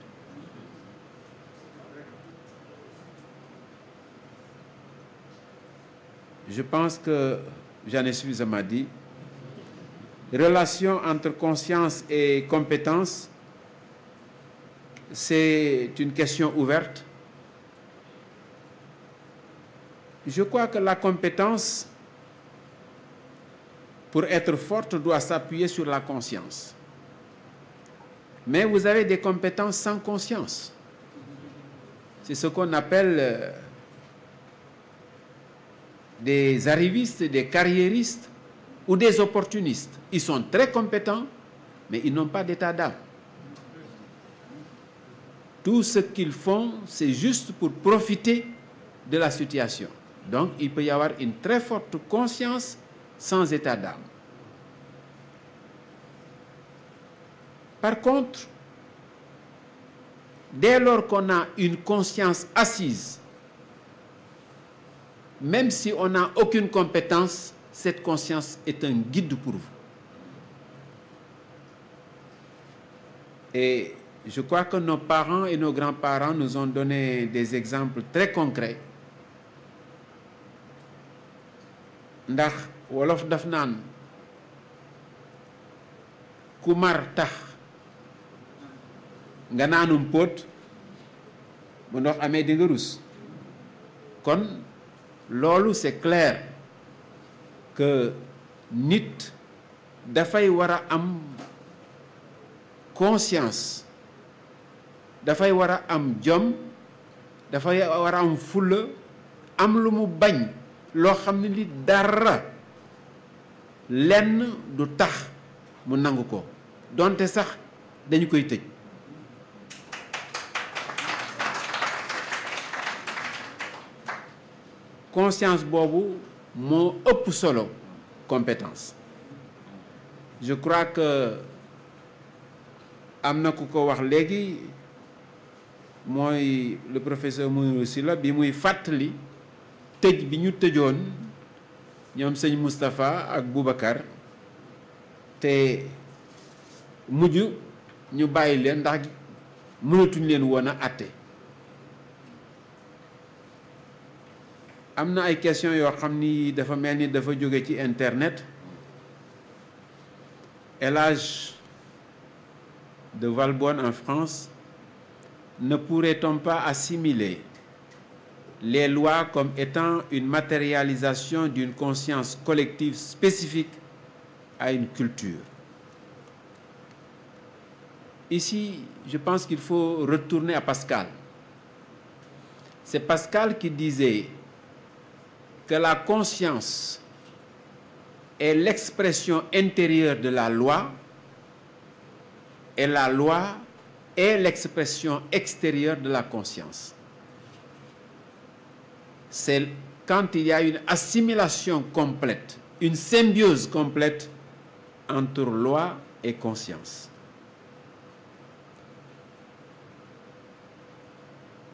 Je pense que j'en ai suffisamment dit relation entre conscience et compétence, c'est une question ouverte. Je crois que la compétence, pour être forte, doit s'appuyer sur la conscience. Mais vous avez des compétences sans conscience. C'est ce qu'on appelle euh, des arrivistes, des carriéristes ou des opportunistes. Ils sont très compétents, mais ils n'ont pas d'état d'âme. Tout ce qu'ils font, c'est juste pour profiter de la situation. Donc, il peut y avoir une très forte conscience sans état d'âme. Par contre, dès lors qu'on a une conscience assise, même si on n'a aucune compétence, cette conscience est un guide pour vous. Et je crois que nos parents et nos grands-parents nous ont donné des exemples très concrets. ndax wolof Dafnan Kumar tax kon c'est clair que nit dafay war am conscience dafay wara am jom dafay wara am fulla am lu mu bagn lo xamni li dara lenn du tax mu nangu ko donte sax dañ koy conscience bobu solo compétence je crois que amna le professeur Mounir Sylla bi muy fàttali tej bi ñu ñom Moustapha ak Boubacar ñu ndax amna ay question de Valbonne en France ne pourrait-on pas assimiler les lois comme étant une matérialisation d'une conscience collective spécifique à une culture Ici, je pense qu'il faut retourner à Pascal. C'est Pascal qui disait que la conscience est l'expression intérieure de la loi et la loi est l'expression extérieure de la conscience. C'est quand il y a une assimilation complète, une symbiose complète entre loi et conscience.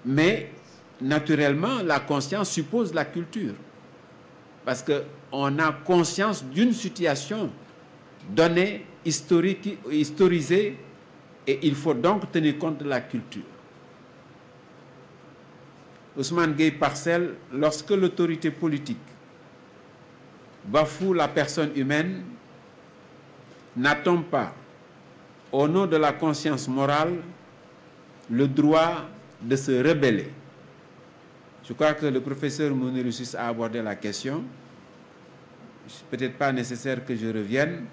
Mais naturellement, la conscience suppose la culture. Parce qu'on a conscience d'une situation donnée, historique, historisée, et il faut donc tenir compte de la culture. Ousmane Gay Parcel, lorsque l'autorité politique bafoue la personne humaine, n'attend pas, au nom de la conscience morale, le droit de se rebeller je crois que le professeur Monelusis a abordé la question. Peut-être pas nécessaire que je revienne.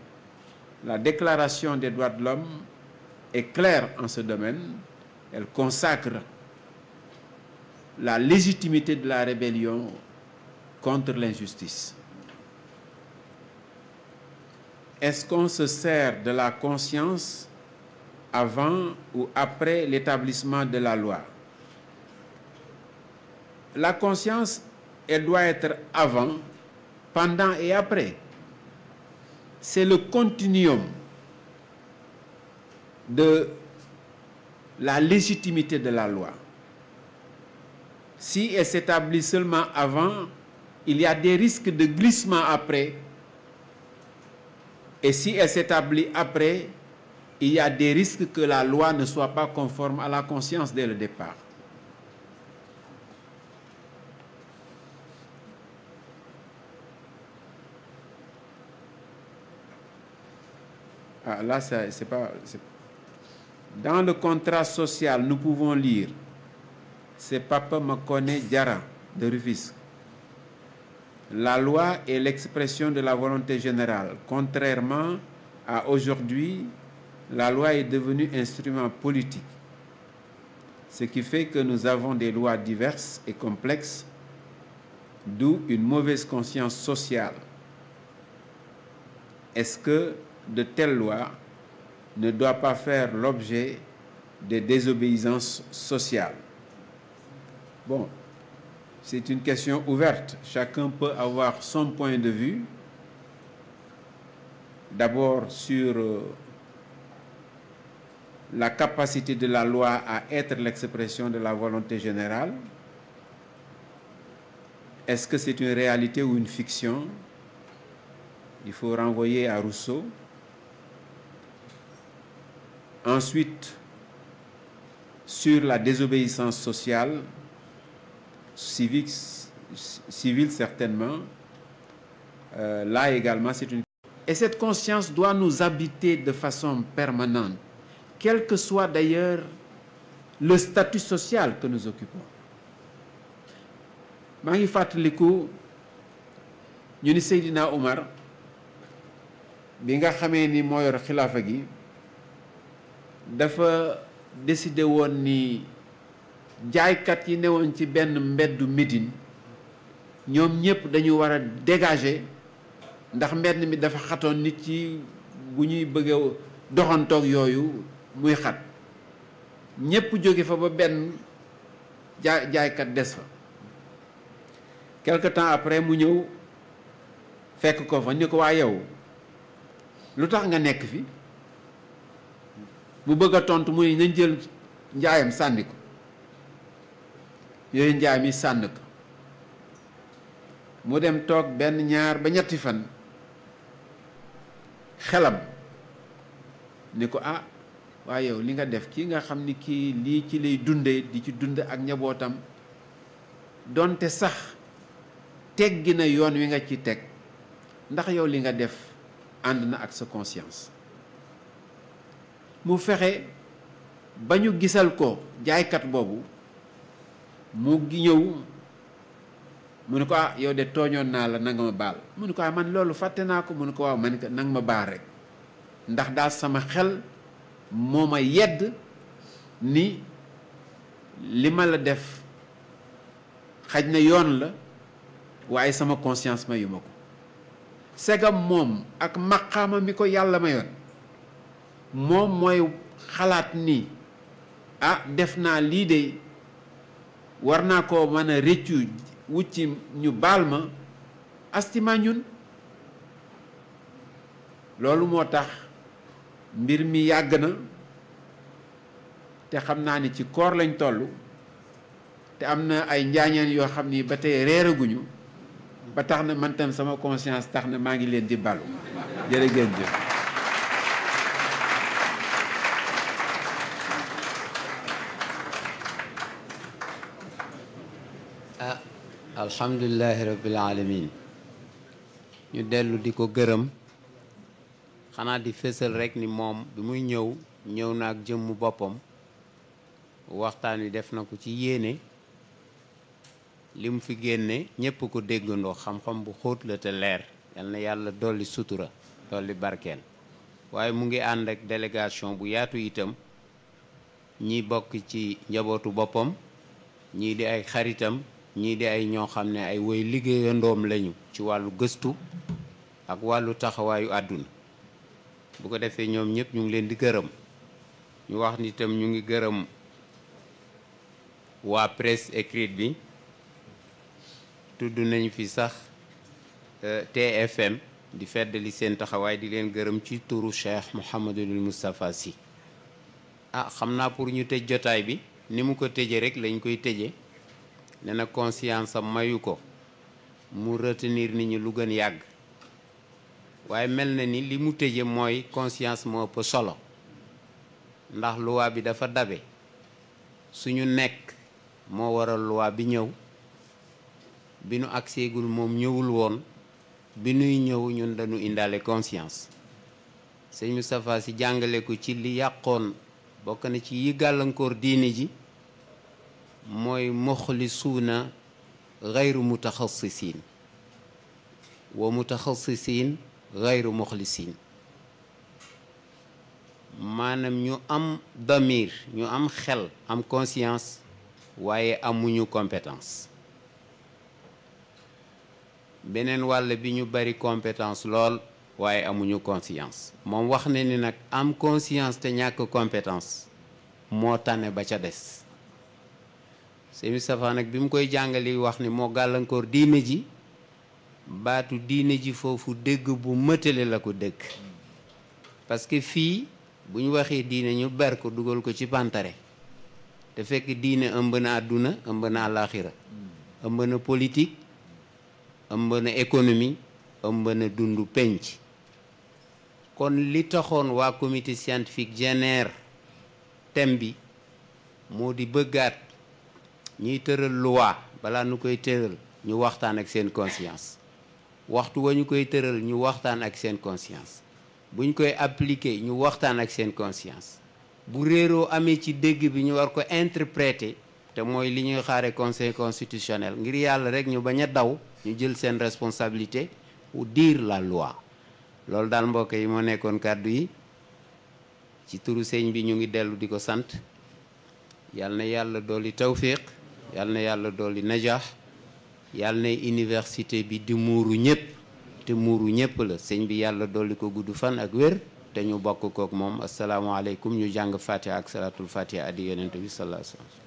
La déclaration des droits de l'homme est claire en ce domaine. Elle consacre la légitimité de la rébellion contre l'injustice. Est-ce qu'on se sert de la conscience avant ou après l'établissement de la loi la conscience, elle doit être avant, pendant et après. C'est le continuum de la légitimité de la loi. Si elle s'établit seulement avant, il y a des risques de glissement après. Et si elle s'établit après, il y a des risques que la loi ne soit pas conforme à la conscience dès le départ. Ah, là, c'est pas. Dans le contrat social, nous pouvons lire c'est Papa Makone Diara de Rufisque. La loi est l'expression de la volonté générale. Contrairement à aujourd'hui, la loi est devenue instrument politique. Ce qui fait que nous avons des lois diverses et complexes, d'où une mauvaise conscience sociale. Est-ce que de telle loi ne doit pas faire l'objet de désobéissance sociales. Bon, c'est une question ouverte. Chacun peut avoir son point de vue. D'abord sur euh, la capacité de la loi à être l'expression de la volonté générale. Est-ce que c'est une réalité ou une fiction Il faut renvoyer à Rousseau. Ensuite, sur la désobéissance sociale, civique, civile certainement, euh, là également c'est une... Et cette conscience doit nous habiter de façon permanente, quel que soit d'ailleurs le statut social que nous occupons. Omar dafa décidé woon ni jaaykat yi newoon ci benn mbeddu Médine ñoom ñëpp dañu war a dégager ndax mbedd mi dafa xatoon nit ci bu ñuy bëgg doxantoog yooyu muy xat ñëpp jóge fa ba benn jaay jaaykat des fa quelque temps après mu ñëw fekk ko fa ni ko waa yow lu tax nga nekk fi mu bëgg a tontu muy ne jël njaayam sànni ko yooyu njaay mi sànn ko mu dem toog benn ñaar ba ñetti fan xelam ni ko ah waaye yow li nga def kii nga xam ni kii lii ci lay dunde di ci dund ak njabootam doonte sax teggi na yoon wi nga ci teg ndax yow li nga def ànd na ak sa conscience mu fexe ba ñu gisal ko jaaykat boobu mu ñëw mu ne ko ah yow de tooñoon naa la nanga ma baal mu ne ko ah man loolu fàtte naa ko mu ne ko waaw man nanga ma baal rek ndax daal sama xel moom ma yedd ni li ma la def xaj na yoon la waaye sama conscience mayuma ko segam moom ak maqaama mi ko yàlla mayoon moom mooy xalaat ni a ah, def naa lii de war naa ko mën a rëccu wucci ñu baal ma astima ñun loolu moo tax mbir mi yàgg na te xam naa ni ci koor lañ toll te am na ay njaañeen yoo xam ni ba tey reeraguñu ba tax na man tam sama conscience tax na maa ngi leen di balu jërë ngeen ah alhamdulilahi rabbil alamin ñu dellu di ko gërëm xanaa di fësal rekk ni moom bi muy ñëw ñëw na ak jëmmu boppam waxtaan wi def na ko ci yéene li mu fi génne ñépp ko déggandoo xam-xam bu xóot la te leer yal na yàlla dolli sutura dolli barkeel waaye mu ngi ànd ak délégation bu yaatu itam ñi bokk ci njabootu boppam ñii di ay xaritam ñii di ay ñoo xam ne ay woy ndoom lañu ci wàllu gëstu ak wàllu taxawaayu àdduna bu ko defee ñoom ñëpp ñu ngi leen di gërëm ñu wax nitam ñu ngi gërëm waa presse écrite bi tudd nañu fi sax euh, TFM di feddali seen taxawaay di leen gërëm ci turu Cheikh Mouhamadul Moustapha Sy ah xam naa pour ñu tëj jotaay bi ni mu ko tëje rek lañ koy tëje ne na conscience am mayu ko mu retenir nit ñi lu gën yàgg waaye mel na ni li mu tëje mooy conscience moo ëpp solo ndax luwaa bi dafa dabe suñu nekk moo waral luwaa bi ñëw bi nu agseegul moom ñëwul woon bi nuy ñëw ñun dañu indaale conscience ñu Moustapha si jàngale ko ci li yàqoon bokk na ci yi gàllankoor diini ji mooy moxlisuuna gayru mutaxassisiin wa mutaxassisiin gayru moxlisiin maanaam ñu am damir ñu am xel am conscience waaye amuñu compétence beneen wàll bi ñu bari compétence lool waaye amuñu conscience moom wax na ni nag am conscience te ñàkk compétence moo tane ba ca des sëñ bi mu koy jàngali wax ni moo gàllankoor diine ji baatu diine ji foofu dégg bu mëtale la ko dégg parce que fii buñ waxee diine ñu ber ko dugal ko ci pantare te fekk diine ëmb na àdduna ëmb na àllaaxira ëmb na politique ëmb na économie ëmb na dundu penc kon li taxoon waa comité scientifique génère thème bi moo di bëggaat avons la loi nous nous koy teural ñu ak conscience waxtu avons koy teural ñu waxtaan ak conscience buñ koy appliquer ñu waxtaan ak seen conscience bu amé ci dégg bi ñu war ko interpréter li ñuy conseil constitutionnel ngir yalla rek ñu ñu jël responsabilité ou dire la loi l'ol une mbokk yi avons yi ci turu señ bi ñu ngi sant na yalla doli tawfiq yal na yàlla dolli najaax yal na université bi di muuru ñëpp te muuru ñëpp la sëñ bi yàlla dolli ko gudd fan ak wér te ñu bokk kook moom asalaamaaleykum ñu jàng fatiha ak salaatul fatiha addi yonent bi sallallahu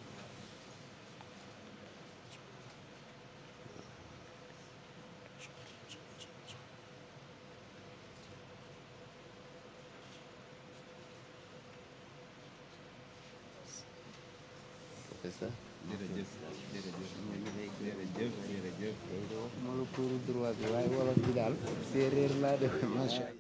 cours droit bi waaye wolof bi daal séeréer laa def macha allah